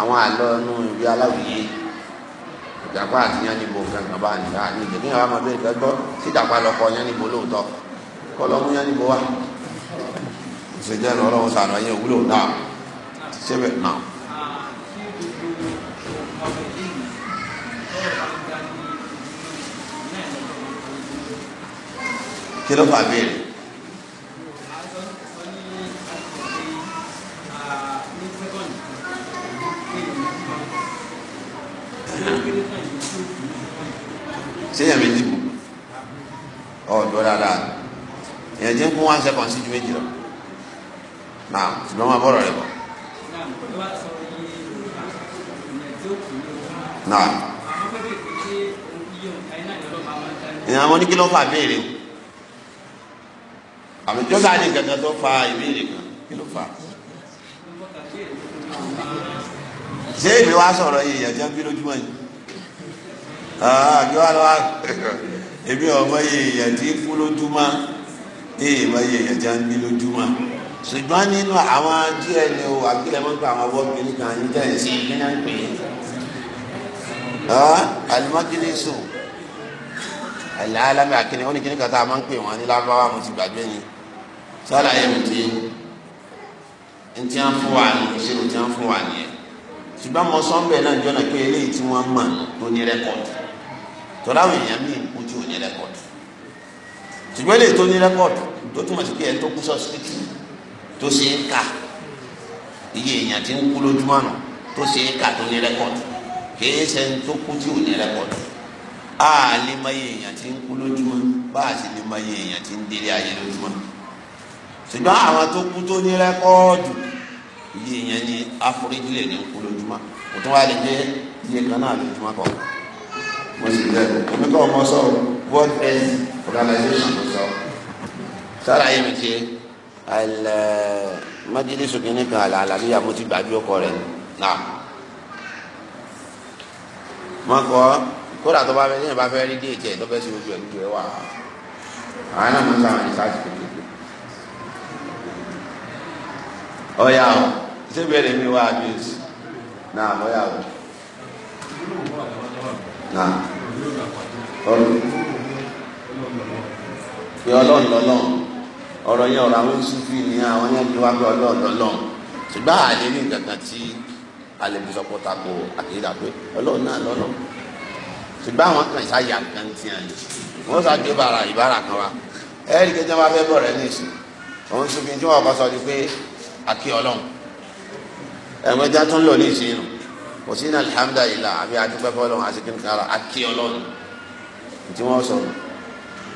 àwọn àlọ́ inú ìwé aláwìyé ìjàpá àti yánnibo kankan bá nìyá ni, ìdèmí àwọn ọmọdé ìgbẹ́gbọ́ sí ìjàpá lọkọ yánnibo lóòótọ́ kọ́ lọ́mú yánnibo wa ìṣèjẹ́ ní ọlọ́run sànù ẹ̀yìn òwúlò náà síbẹ̀ náà. kí ló fà bẹ́ẹ̀ ni ṣé èèyàn méjì kù ọ̀dọ́ dáadáa èèyàn jẹ́ fún one second sí ju méjì lọ náà ṣùgbọ́n máa bọ̀rọ̀ rẹ bọ̀. náà ìyẹn àwọn oníkìlọ́ fà béèrè o àmì jọ́sà ni kankan tó fa ìbéèrè kan kí ló fà á ṣé èmi wá sọ̀rọ̀ yìí ìyàjẹ́ bí lójúmọ́ yìí Ah, kí wàá lọ wá èmi ọmọ yìí èèyàn ti kú lójúmọ́ èèmọ yìí èèyàn já ń bí lójúmọ́ ṣùgbọ́n nínú àwọn díẹ̀ ni o àgbélẹ̀ mọ́tò àwọn ọmọbìnrin kan ń tẹ̀ sí kínyà pé alimọ́kìnrin sùn aláàlámì àkínní ó ní kíní kan tá a máa ń pè wọ́n ní lábáwá mo ti gbàgbé ni sọ́dà yẹn mi ti ntí wọn fún wa ní ìṣirò tí wọn fún wa nìyẹn ṣùgbọ́n mo sọ ń bẹ̀ náà jọ́nà pé eléyìí tí wọ́n mọ̀ tó ní rẹ́kọ̀dì tọ́lá àwọn èèyàn míì kú tí ò ní rẹ́kọ̀dù ṣùgbọ́n ilé tó ní rẹ́kọ̀dù tó túmọ̀ sí pé ẹni tó kú sọ́sítì tó ṣe é kà iye èèyàn ti ń kú lójúmọ́ nù tó ṣe é kà tó ní rẹ́kọ̀dù kìí ṣe ń tó kú tí ò ní rẹ́kọ̀dù a lè èèyàn ti ń kú lójúmọ́ bá a sì lè mọ èèyàn ti ń délé ayé lójúmọ́ ṣùgbọ́n àwọn tó kú tó ní rẹ́kọ̀dù iye èèyàn ni àforíjì lè ní kú lójúmọ́ kò wá lè jẹ́ iye kan náà lójúmọ́ kọ̀ọ̀kan mo sì bẹ̀ mi kọ́ ọmọ sọ world health organization ló sọ sára yìí mi ti alẹ májílísù kìíní kan àlàálà níyà mo ti gbàgbé ọkọ rẹ nà wọn kọ kódà tó bá fẹ́ níyàn bá fẹ́ rí déètì ẹ tó fẹ́ sí ojú ẹ gbogbo ẹ wà àwọn náà mo ń sáwọn ní sáàtì kékeré ọyà o ṣé bẹ́ẹ̀ ni mi wá abuse náà ọyà o náà ọ̀rọ̀ pé ọlọ́run lọ́lọ́run ọ̀rọ̀ yẹn ọ̀rọ̀ àwọn sùfì ní àwọn yẹn ló wá pé ọlọ́run lọ́lọ́run ṣùgbọ́n àlè ní nǹkan kan tí alẹ́bùsọ̀pọ̀ tako àkéyìdá pé ọlọ́run náà lọ́lọ́run ṣùgbọ́n àwọn kan ìsáyà kan ti hàn yìí wọ́n ṣàgbé bàrà ìbára kan wa ẹ̀rí kejì wọn fẹ́ bọ̀ ní ìsìn òun sùfì tí wọn kọ sọ di pé àkè ọlọ́run ẹ̀wọ̀n tó ń lò ní ìsìn yìí kò sí ní alihamudulila àbí adúgbò fọlọ́n àsìkín kára àti ọlọ́run tí wọ́n sọ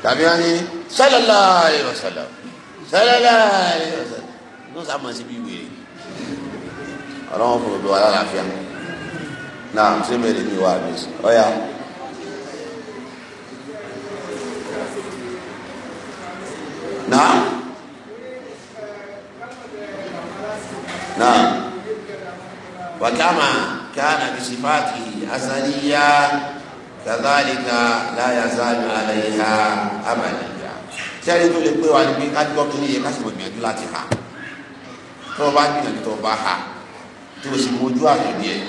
tàbí wọ́n ní sallallahu alaihi wasallam sallallahu alaihi wasallam ní wọ́n sàmọ̀ síbi wèrè ọlọ́run fún mi wà lálàáfíà náà ṣé mi rí mi wà mí ọ̀yà. Naam. Naam. Wakama كان بصفاته أزلية كذلك لا يزال عليها أبدا sẹ́ni tó lè pé wa ni pé ká gbọ́ kí ni yẹ ká sì mọ̀ gbìyànjú láti ha tó o bá gbìyànjú tó o bá ha tó o sì mojú àtòdì ẹ̀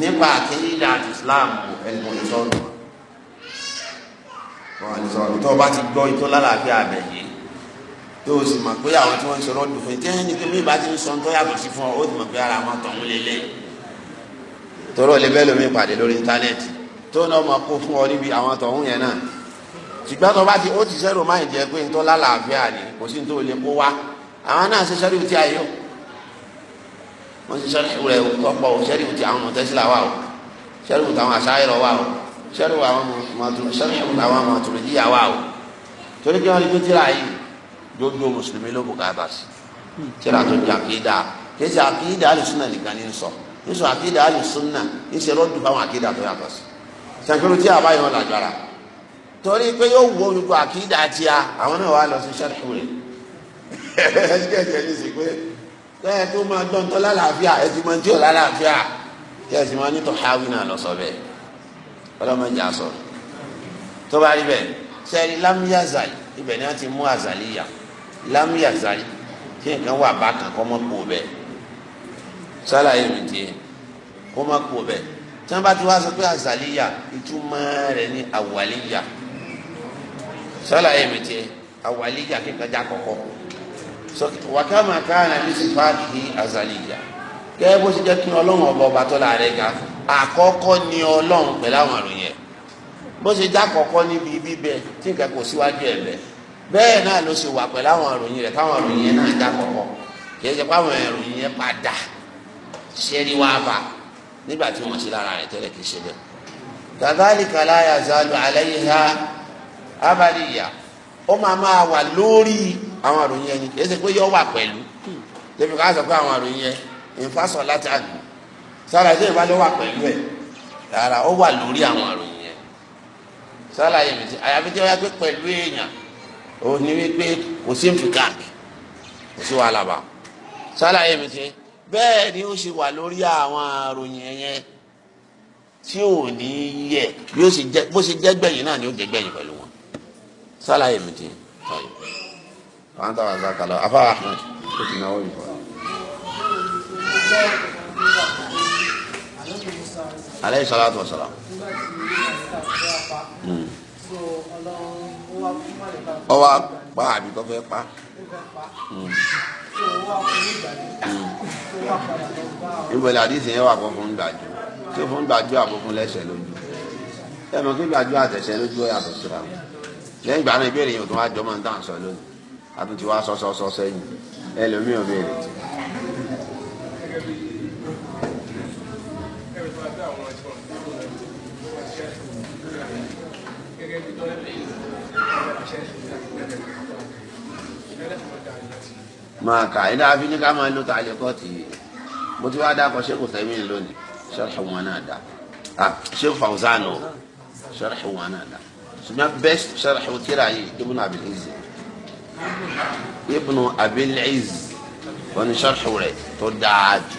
nípa àkéyídà àti Islam kò ẹnu ìsọ̀rọ̀ wọn àti sọ̀rọ̀ tó o bá ti gbọ́ ìtọ́ lálàáfíà abẹ̀ yìí tó o sì mọ̀ pé àwọn tí wọ́n ń sọ̀rọ̀ dùn fún ẹ tẹ́hìn ni pé mi ìbá ti ń sọ ń tọ́ yàtọ̀ sí fún ọ ó ti mọ̀ pé ara wọn tọ̀hún lélẹ́yìn torí olè bẹ́ẹ̀ lómi pàdé lórí íńtánẹ́ẹ̀tì tó náà máa kó fún ọ níbi àwọn tọ̀hún yẹn náà ṣùgbọ́n tó bá ti ó ti sẹ́rù máa ń jẹ pé nítorí lálàáfíà ni kò sí nítorí olè kó wá àwọn náà ṣe sẹ́rù tí a yọ wọ́n ṣe sẹ́rù rẹ̀ tọ́pọ̀ o sẹ́rù tí àwọn mọ̀tẹ́sílà wà o sẹ́rù táwọn àṣàyẹ̀rọ̀ wà o sẹ́rù àwọn mọ̀tòrìjìyà wà o torí kí wọ́n rí pé tíra yìí gbogbo mùsùlùmí ló bùkátà sí tíra tó jẹ́ àkídà kí yóò sọ àkídà ayò sunna yóò ṣe rọ́ọ̀dù fáwọn àkídà tó yàtọ̀ sí ṣàkóso tí a bá yọ làgbára torí pé yóò wọ olùkọ́ àkídà tí àwọn náà wà lọ sí ṣàkóso rẹ̀ ẹ̀ẹ́dẹ́gbẹ̀sì [laughs] ẹ̀ pé kẹ́ẹ̀ tó máa dán lálàáfíà ẹ̀ tí ò lálàáfíà kẹ́ẹ̀ sì máa náà lọ sọ bẹ́ẹ̀ ọlọ́mọdé aṣọ tó bá rí bẹ́ẹ̀ sẹ́ẹ̀rì lámúyàzàlì ibẹ̀ ni wọ́n ti mú àzàlì yà lámúyàzàlì kí nǹkan wà bá kàn kọ́ mọ́ kó bẹ́ẹ̀ sálàyé mi tiẹ̀ kó má kú bẹ́ẹ̀ tí wọ́n bá ti wá sọ pé azaliya ìtumọ̀ rẹ̀ ní awaliya sálàyé mi tiẹ̀ awaliya kíkanjá kọ̀kọ́ wàkàmà káàna ní sifáàkì azaliya gẹ́gẹ́ bó ṣe jẹ́ kí ọlọ́run ọba ọba tó láàrẹ̀ ga àkọ́kọ́ ni ọlọ́run pẹ̀lú àwọn àròyìn ẹ̀ bó ṣe já kọ̀ọ̀kan níbi bíbẹ tí nǹkan kò síwájú ẹ̀ bẹ́ẹ̀ bẹ́ẹ̀ náà ló ṣe wà pẹ̀lú àwọn àròyìn rẹ̀ káwọn àròyìn náà já kọ̀ọ̀kan kì í ṣe pé àròyìn yẹn padà ṣẹ́rí wá bá nígbà tí wọ́n ṣe lára rẹ̀ tẹ́lẹ̀ kì í ṣe bẹ́ẹ̀. kadhalika la yazalu alayha abadiya ó máa máa wà lórí àwọn àròyìn ẹni kì í ṣe pé yọ wà pẹ̀lú débi ká sọ pé àwọn àròyìn yẹn ìfásọ̀ láti àgbò sára ìṣe ìbálẹ̀ wà pẹ̀lú ẹ̀ rárá ó wà lórí àwọn àròyìn yẹn sára ìyẹn ti àyàfi tí wọ́n yá pé pẹ̀lú èèyàn ò ní wípé kò sí nfìkàkì kò sí wàhálà bá sára ìyẹn ti bẹ́ẹ̀ ni ó ṣe wà lórí àwọn àròyìn ẹ̀yẹn tí ò ní yẹ bí ó ṣe jẹ bó ṣe jẹ gbẹ̀yìn náà ni ó jẹ gbẹ̀yìn pẹ̀lú wọn sálàyé mi ti tọ́yọ̀ àwọn táwọn àgbà kalọ̀ afa ó ti náwó yìí fún wa. aleyhi salatu ọwọ́ apá hmm. àbí tó fẹ́ pa. Hmm. Mm. níbo la àdìsí yẹn wà kó fún gbàjú tó fún gbàjú àkókò lẹ́sẹ̀ lójú ẹ mọ̀ kí gbàjú àtẹ̀sẹ̀ lójú ó yàtọ̀ síra wọn lẹ́yìn ìgbà náà ìbéèrè yìí ò tó wá jọmọ́ ní tàn sọ lónìí àtúntì wá sọ́sọ́sọ́ sẹ́yìn ẹlòmíì ò béèrè Thank you. máa kà ẹ dáa fi ní ká máa lo tàlẹ́ kọ́ọ̀tì yìí mo ti wá dákọ̀ ṣé kò tẹ̀mí lónìí ṣọ́ọ̀ṣì wọn náà dá ṣé fàwùsàn o ṣọ́ọ̀ṣì wọn náà dá ṣùgbọ́n bẹ́ẹ̀ ṣọ́ọ̀ṣì tíra yìí ibùnú abiliz ibùnú abiliz wọn ni ṣọ́ọ̀ṣì rẹ̀ tó dáa jù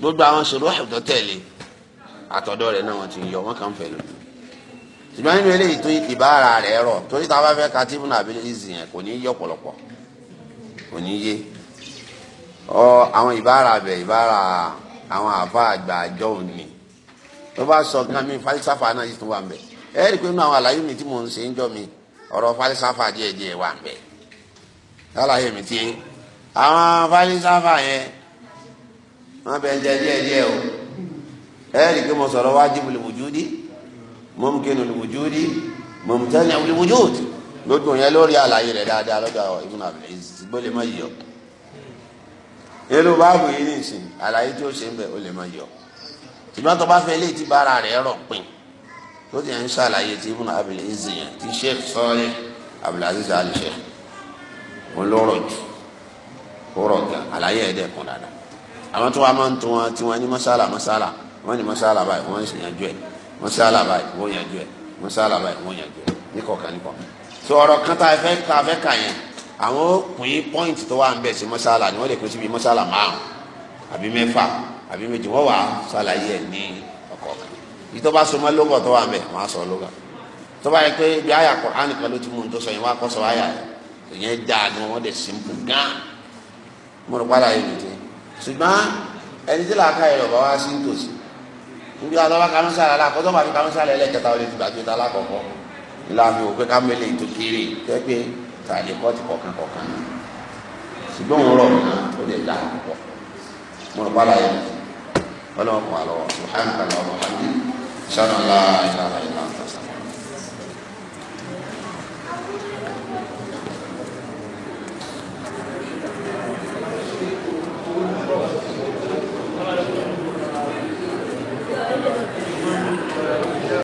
gbogbo àwọn ṣòro tó tẹ̀lé àtọ̀dọ̀ rẹ̀ náà wọ́n ti yọ wọ́n kàn fẹ́ lónìí ṣùgbọ́n kò ní yé ọ àwọn ìbára bẹ ìbára àwọn àfa àgbà àjọ òní tó bá sọ nǹkan mi falisafa náà yìí tún wà mbẹ ẹ rí i pé nínú àwọn àlàyé mi tí mò ń ṣe ń jọ mi ọ̀rọ̀ falisafa díẹ̀ díẹ̀ wà mbẹ lálàyé mi ti àwọn falisafa yẹn wọn bẹ jẹ díẹ̀ díẹ̀ o ẹ rí i pé mo sọ̀rọ̀ wájibul wujudi mumkinul wujudi mumtani'ul wujudi gbogbo yẹn lórí àlàyé rẹ̀ dáadáa lọ́dọ̀ Ibn Abdul Aziz bó lè má yọ elu báàbù yìí ní ìsìn àlàyé tí ó ṣe ń bẹ ó lè má yọ ṣùgbọ́n tó bá fẹ́ ilé tí bára rẹ̀ rọ̀ pin tó ti yẹn ń ṣàlàyé tí Ibn Abdul Aziz yẹn tí Sheikh Saleh Abdul Aziz Al Sheikh wọn ló rọ̀ jù ó rọ̀ gan àlàyé ẹ̀ dẹ̀kun dáadáa àwọn tó wà máa ń tún wọn tí wọn ní mọ́sálà mọ́sálà wọn ní mọ́sálà báyìí wọ́n ń ṣèyànjú ẹ̀ mọ́sálà báyìí wọ́n yànjú ẹ̀ mọ́sálà báyìí wọ́n yànjú ẹ̀ níkọ̀ọ̀kan níkọ̀ọ̀kan so ọ̀rọ̀ kan tá a fẹ́ tá a fẹ́ kà yẹn àwọn ó pín pọ́ìntì tó wà ń bẹ̀ sí mọ́sálà ni wọ́n lè pín síbi mọ́sálà márùn àbí mẹ́fà àbí méjì wọ́n wà á ṣàlàyé ẹ̀ ní ọ̀kọ̀ọ̀kan yìí tó bá so mọ́ lógọ̀ tó wà ń bẹ̀ wọ́n á sọ lógọ̀ tó bá yẹ pé bí àyà Kùránì kan ló ti mú un tó sọ yẹn wọ́n á sọ àyà yẹn dáa ni wọ́n dẹ̀ simple gan mo rò pàdà yìí nìyẹn ṣùgbọ́n ẹni tí làákà yẹn lọ́ba wá sí nítòsí níbi àtọ́wá kanúṣàlẹ̀ alákọ̀ọ́ tó bá fi kanúṣàlẹ̀ ẹlẹ́kẹta ìlànà òpè kámẹlẹ ètò kéré tẹgbẹ tàlẹ kọtì kọ̀ọ̀kan kọ̀ọ̀kan ṣùgbọ́n òun rọrùn náà ó lè dà púpọ̀ mo rò pàlà yẹn ọlọ́wọ́ kan wa ta'ala ọlọ́wọ́ kan ní sọ́nà ńlá ìlànà ìlànà